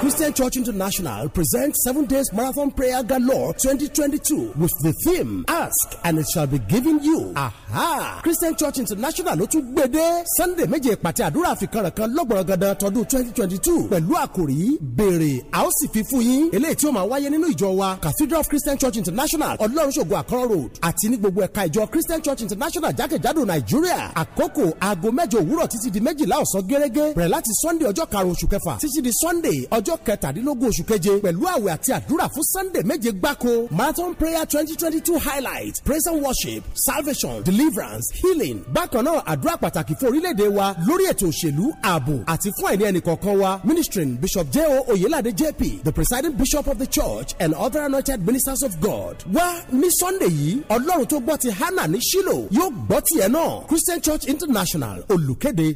Christian Church International presents Seven Days Marathon Prayer Galore 2022 with the theme Ask and it shall be given you. Aha! Christian Church International ló tún gbede Sunday méje ìpàtẹ àdúrà àfikànràkan lọ́gbọ̀rọ̀ gandan tọdún 2022 pẹ̀lú àkòrí béèrè a ó sì fi fún yín. Eléyìí tí ó máa wáyé nínú ìjọ wa Cathedral of Christian Church International Ọlọ́runṣògo Àkọ́rọ́ Road àti ní gbogbo ẹ̀ka ìjọ Christian Church International jákèjádò Nàìjíríà. Àkókò aago mẹ́jọ òwúrọ̀ títí di méjìlá ọ̀sán gẹ́gẹ́ bẹ̀rẹ̀ láti Sunday ọjọ́ karùn-ún oṣù kẹfà títí di Sunday ọjọ́ lọ́jọ́ kẹtàdínlógún oṣù keje pẹ̀lú àwẹ̀ àti àdúrà fún sunday méje gbáko marathon prayer twenty twenty two highlight praise and worship salvation deliverance healing bákan náà àdúrà pàtàkì fún orílẹ̀-èdè wa lórí ètò òṣèlú ààbò àti fún àìní ẹnìkọ̀ọ̀kan wa ministry bishop jeo oyelade jp the presiding bishop of the church and other anointed ministers of god wá ní sunday yìí ọlọ́run tó gbọ́ ti hannah ní shiloh yóò gbọ́ tiẹ̀ náà christian church international olùkéde.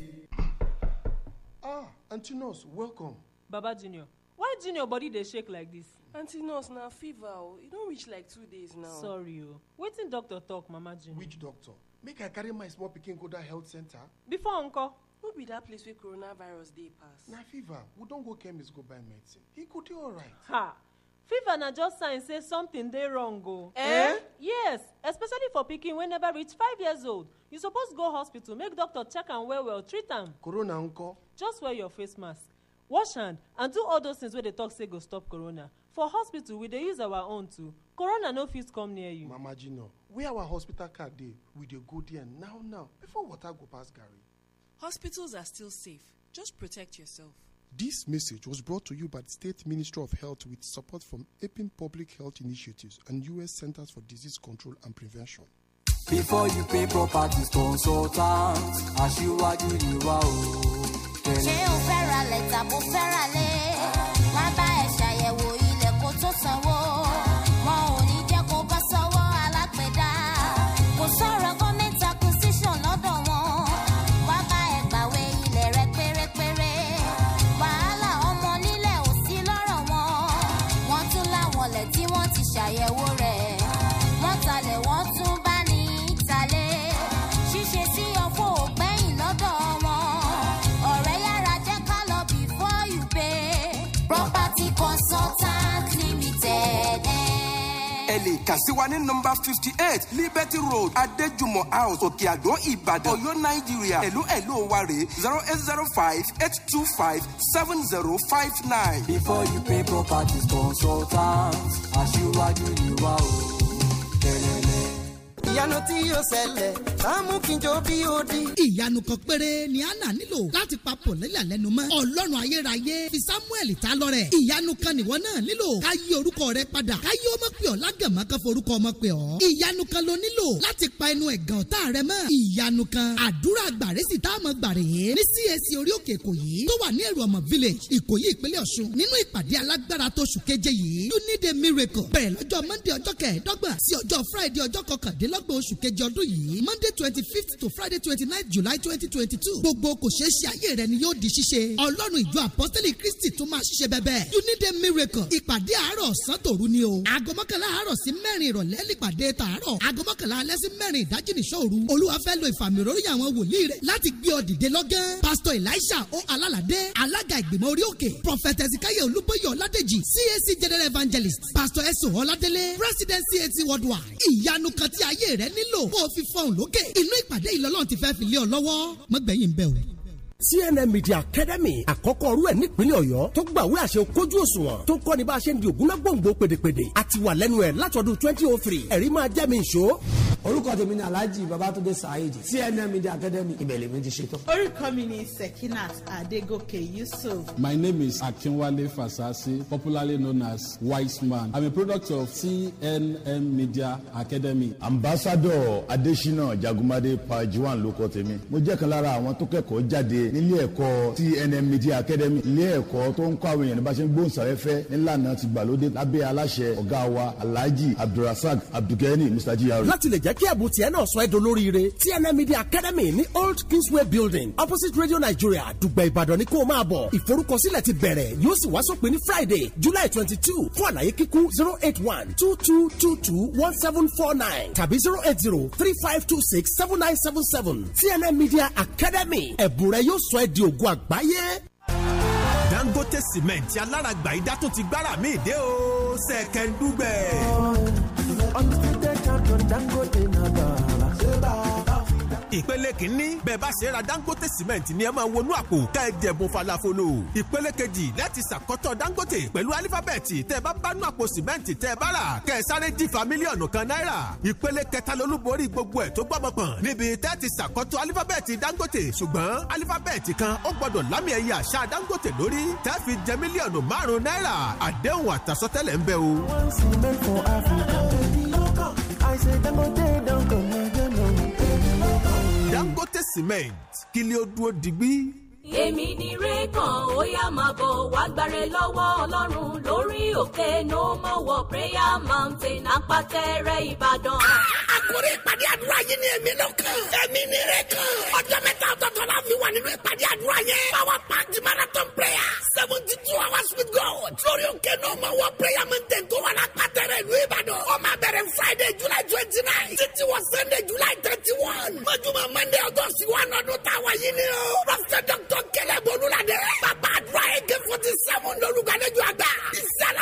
ah aunty welcome baba junior why junior body dey shake like this? aunty nurse na fever o e don reach like two days now sorry oh. wetin doctor talk mama junior which doctor make i carry my small picking go that health center before uncle. no be that place wey coronavirus Day pass na fever we don't go chemist go buy medicine e go dey alright ha fever na just sign say something dey wrong go. Eh? eh yes especially for pikin wey never reach five years old you suppose go hospital make doctor check am well well treat am corona uncle. just wear your face mask wash hand and do all those things wey dey talk say go stop corona for hospital we dey use our own too corona no fit come near you. mama gina where our hospital card dey we dey go there now now before water go pass garri. hospitals are still safe just protect yourself. This message was brought to you by the State Ministry of Health with support from APIN Public Health Initiatives and U.S. Centers for Disease Control and Prevention. Before you pay property consultants, as you are, you are ṣé o fẹ́ ra lẹ̀ tàbó fẹ́ kàn sí wa ní nọ́mbà fifty eight liberty road adéjùmọ̀ house òkè àdó ìbàdàn ọ̀yọ́ nàìjíríà ẹ̀lú ẹ̀lú wa rè zero eight zero five eight two five seven zero five nine. before you pay property consultant aṣíwájú ni wá o ìyanu tí yóò ṣẹlẹ̀ sáàmù kíjọ bí ó di. ìyanu kan péré ni anna nílò láti papọ̀ lẹ́yà lẹ́nu mọ́ ọlọ́run ayérayé fi samuel ta lọ́rẹ̀ ìyanu kan nìwọ náà nílò ká yí orúkọ rẹ padà ká yí ọmọ pè ọ́ lágàmọ́ kan forúkọ ọmọ pè ọ́ ìyanu kan ló nílò láti pa ẹnu ẹ̀gàn ọ̀tá rẹ mọ́ ìyanu kan àdúrà gbàrẹ́ sì tá a gbàrẹ́ ní CAC orí òkè ìkòyí tó wà ní ẹ̀rù ọmọ village ìkòyí ìpínlẹ̀ ọ̀ṣun ọgbọ̀n oṣù kejì ọdún yìí monday twenty fifth to friday twenty nine july twenty twenty two gbogbo kò ṣeé ṣe ayé rẹ ni yóò di ṣíṣe ọlọ́run ìjọ apọ́sítẹ́lì kristi tún máa ṣiṣẹ́ bẹ́bẹ́ unide miracle ìpàdé àárọ̀ ọ̀sán tòru ni o aago mọ́kànlá àárọ̀ sí mẹ́rin ìrọ̀lẹ́ nípàdé tààrọ̀ aago mọ́kànlá alẹ́ sí mẹ́rin ìdájí nìṣọ́ òru olúwa fẹ́ lo ìfàmì òróró yà àwọn wòlíì rẹ̀ láti gbé ọ dìde lọ́gán pásítọ̀ elisha o alálàdé alága ìgbìmọ̀ orí òkè prọfẹ̀tà ezikaya olúbóyè ọládèjì cac general evangelist pásítọ̀ ẹ̀sùn ọládélé president cac worldwide ìyanu kan tí ayé rẹ nílò kó o fi fọhùn lókè inú ìpàdé ìlọlọ́run ti fẹ́ fi lé ọ lọ́wọ́ mọ́gbẹ̀yìn bẹ́ẹ̀ o. CNN Media Academy àkọ́kọ́ ọ̀rú ẹ̀ nípínlẹ̀ Ọ̀yọ́ tó gbàwé àṣẹ kójú òṣùwọ̀n tó kọ́ ni bá a ṣe ń di ògúnnágbòǹgbò pèdèpèdè àti wà lẹ́nu ẹ̀ látọdún twenty oh three ẹ̀rí máa jẹ́ mi ìṣó orúkọ tèmi ni alhaji babatunde saheed cnn academy ìbẹ̀lẹ̀ mi ti ṣetán. orúkọ mi ni sekinat adegoke yusuf. my name is akinwale fasasi popularly known as wise man i'm a product of cnn media academy. ambassadọ adesina jagunmade pajuwan ló kọ tèmi mo jẹ́ kan lára àwọn tó kẹ́kọ̀ọ́ jáde nílé ẹ̀kọ́ cnn media academy ilé ẹ̀kọ́ tó ń kọ́ àwọn èèyàn ní bá ṣe ń gbóhùnsáfẹ́fẹ́ nílànà tìgbàlódé lábẹ́ aláṣẹ ọ̀gá wa alhaji abdulrasaq abdulgani mr jr. láti lè jẹ́ kí tiẹ̀ náà sọ ẹ́ dolóríire TNM Media Academy ní Old Kingsway Building opposite Radio Nigeria Dùgbẹ̀ Ìbàdàn ni kó o máa bọ̀ ìforúkọsílẹ̀ ti bẹ̀rẹ̀ yóò sì wá sópin ní Friday July twenty two fún àlàyé kíkún zero eight one two two two two one seven four nine tàbí zero eight zero three five two six seven nine seven seven TNM Media Academy ẹ̀bùn rẹ yóò sọ ẹ́ di ògo àgbáyé. Dangote cement alára gbàyídá tún ti gbára mi dé o ṣẹ̀kẹ̀ ń dúgbẹ̀. Dangote náà bàbá. ìpele kìíní bẹ́ẹ̀ bá ṣe ra dangote cement ni ẹ máa wọnú àpò ká ẹ jẹ̀bùn falafolo ìpele kejì láti ṣàkọ́tọ̀ dangote pẹ̀lú alifábẹ́ẹ̀tì tẹ́ ẹ bá bánú àpò cement tẹ́ ẹ bá rà kẹ́ ẹ sáré jìfà mílíọ̀nù kan náírà ìpele kẹta lolúborí gbogbo ẹ̀ tó gbọ́mọpọ̀n níbi tẹ́ ti ṣàkọ́tọ̀ alifábẹ́ẹ̀tì dangote ṣùgbọ́n alifábẹ́ẹ̀tì kan ó gbọ́dọ̀ lámì ẹ̀yẹ àṣà one cement for Africa say dangote don come again o. dangote cement kí lè ó dúró digbí èmi ni rékàn ó yá máa bọ̀ wá gbàrẹ̀ lọ́wọ́ ọlọ́run lórí òkè no more war prayer mountain apátẹ́rẹ́ ìbàdàn. àkórí ìpàdé àdúrà yìí ni èmi ló kàn èmi ni rékàn ọjọ́ mẹ́ta. Dr. Tọ́láfi wà nínú ìpàdé àdúrà yẹn. Power packed marathon prayer. seventy two hours with God. Lórí òkè náà mo wọ prayer mountain tó wà lápàtẹ́rẹ̀ ìlú Ìbàdàn. Ó máa bẹ̀rẹ̀ Friday July twenty nine. Títí wọ Sunday July thirty one. Mọ́júmọ́ Monday August one ọdún táwa yìí ni o. Prọfẹ̀tà Dr. Kẹlẹ́ Bolúladé. Bàbá àdúrà AK forty seven lórúkọ àlejò àgbà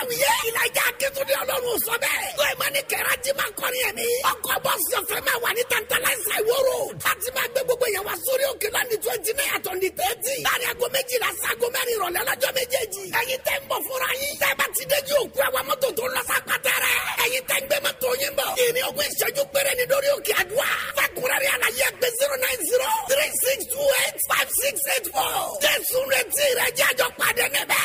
ọlọ́run yẹ ìlàjà akitunde ọlọ́run sọ bẹ́ẹ̀. tó ìmọ̀ ni kẹrẹ ti máa kọrin ẹ̀mí. ọkọ̀ bọ́ọ̀sì ọ̀fẹ́ máa wà ní tantalize Iwo a ti máa gbé gbogbo yẹn wá sórí òkè lọ́ni twenty nine àtọ̀ ní thirty. láàrin aago méjìlá sí mẹ́rin ìrọ̀lẹ́ lọ́jọ́ méjèèjì. ẹ̀yin tẹ́ ń bọ̀ fúnra yín. tẹ́ bá ti dé ju òkú àwọn mọ́tò tó ń lọ sápàtẹ́ rẹ̀. ẹ̀yin tẹ́ ń gbé mọ́tò yín bọ̀. ìní ogún ìṣẹ́jú péré ni lórí òkè àdúrà. fàkúrẹ́rẹ́ àlàyé gbé zero nine zero three six two eight five six eight four. jésù retí rẹ̀ jẹ́ àjọpàdé níbẹ̀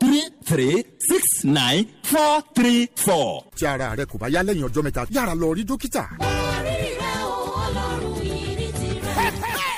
three three six nine four three four. tí ara rẹ kò bá yá lẹ́yìn ọjọ́ mẹ́ta yára lọ rí dókítà. orí o ọlọ́run yìí ní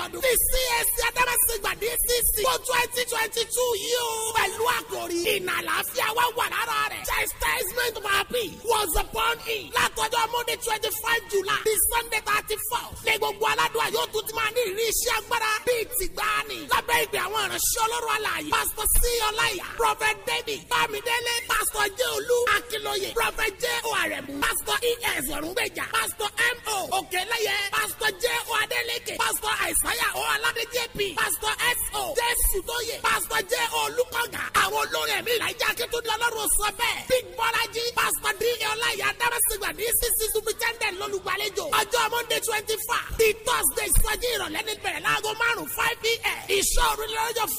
àjọ̀dún ti CAC Adámàsìgbà ní CC fún twenty twenty two yìí o pẹ̀lú àkòrí ìnà àlàáfíà wà wà lára rẹ̀ chastisement of our pain was upon him látọjọ́ Monday twenty five July the Sunday thirty four ní gbogbo aládùn àyò tó ti máa ní ìrírí iṣẹ́ agbára bíi tìgbàanì lábẹ́ ìgbé àwọn ìránṣẹ́ ọlọ́run alààyè pásítọ̀ sí ọláyà prophet david bámidélé pásítọ̀ jẹ́olú akínlóye prophet j o àrẹ̀mú pásítọ̀ es ọ̀rùngbèjà pásítọ̀ m o òkèléyẹ pásítọ̀ j o adélèké pásítọ̀ àìsàn Àṣàkáyà oh, O Aládé JP, Pásítọ̀ S.O. Jésù Tóyè, Pásítọ̀ J. Olúkọ̀gà, àwọn olórin ẹ̀mí ìlàjà Akíntúndì Ọlọ́run sọ bẹ́ẹ̀. Big Bọ́lájí, Pásítọ̀ D. Ọláyà Dámẹ́sìgbà ní CC Superintendent lọ́lùgbàlejò. Ọjọ́ Monday twenty five, the Thursday ìsọjí ìrọ̀lẹ́ ní bẹ̀rẹ̀ láago márùn five pm. Ìṣọ́ òru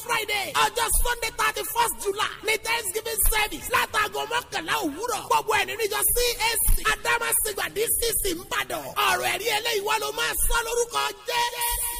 Friday, ọjọ́ Sunday thirty first July ní Thanksgiving service látàgọ́ mọ́kànlá òwúrọ̀. Gbogbo ẹ̀ nínú ìjọ CAC Adámásìgbà DCC ń bàdàn. Ọ̀rọ̀ ẹ̀rí eléyìí wá ló máa sọ lórúkọ jẹ́.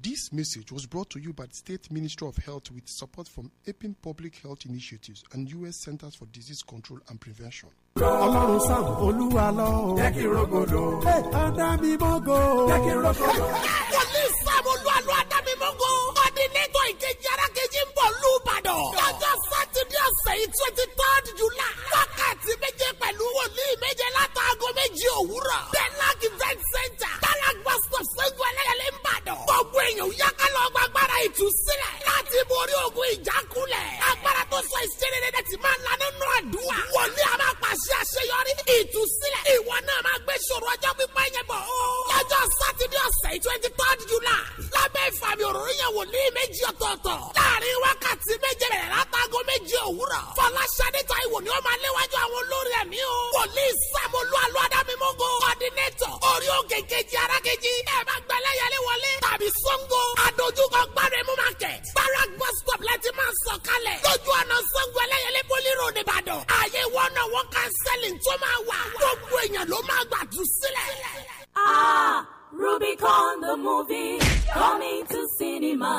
This message was brought to you by the State Ministry of Health with support from APIN Public Health Initiatives and U.S. Centers for Disease Control and Prevention. Ọlọ́run sàn Olúwa lọ. Jẹ́ kí n rogodo. Ọ̀dà mi mọ́gò. Jẹ́ kí n rogodo. Wòlíì sàn Olúwa lọ Ọ̀dà mi mọ́gò. Ọ̀dìnẹ́tọ̀ ìkejì arákejì ń bọ̀ lùbàdàn. Lọ́jọ́ Sátidé ọ̀sẹ̀ yìí twenty third July. Wákàtí méje pẹ̀lú wòlíì méje látàgọ́ méjì òwúrọ̀. Bẹ́ẹ̀ láti fẹ́ẹ́ o yá ká lọ gba agbára ìtúsílẹ̀ láti borí ogun ìjákulẹ̀. agbára tó sọ ìṣeré rẹ ti máa lanà nù àdúrà. wòlíì a máa pàṣẹ àṣeyọrí ìtúsílẹ̀. ìwọ náà máa gbé ṣòro ọjọ́ pípẹ́ yẹn bọ̀ o. lọ́jọ́ sátidé ọ̀sẹ̀ twenty third july lábẹ́ ìfàmì òróró yẹn wòlíì méjì ọ̀tọ̀ọ̀tọ̀. láàrin wákàtí méje bẹ̀rẹ̀ látago méje òwúrọ̀. fọláṣadé Táíwò ni ó máa léwájú àwọn olórí ẹ̀mí o. wòlíì sàmúlò alọ́ adámímógó. kọ́dínétọ̀ orí òkè kejì ara kejì. movie coming to cinema.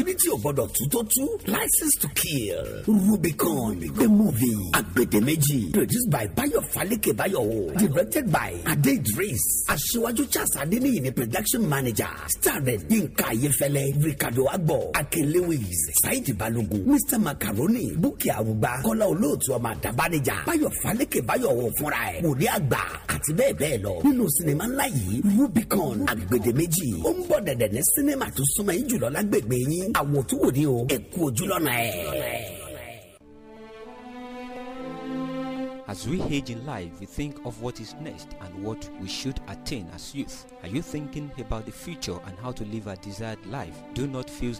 àṣírí tí o gbọ́dọ̀ tú tó license to kill rubicon the movie agbedemeji produced by bayo falike bayo o directed by ade idris aṣíwájú charles adeniyi the production manager starred yinka ayefẹlẹ ricardo agbo akin lewis saidi balogun mr macaroni bukki arugba kọ́lá olóòtú ọmọ àdàbánijà bayo falike bayo o fúnra ẹ̀ wòlé àgbà àti bẹ́ẹ̀ bẹ́ẹ̀ lọ nínú sinimá ńlá yìí rubicon agbedemeji ó ń bọ̀ dẹ̀dẹ̀ ní sinimá tó súnmọ́ yín jùlọ lágbègbè yín àwòtúwòde o ẹ ojú lọ́nà ẹ̀. As we age in life, we think of what is next and what we should attain as youth. Are you thinking about the future and how to live a desired life? Do not feel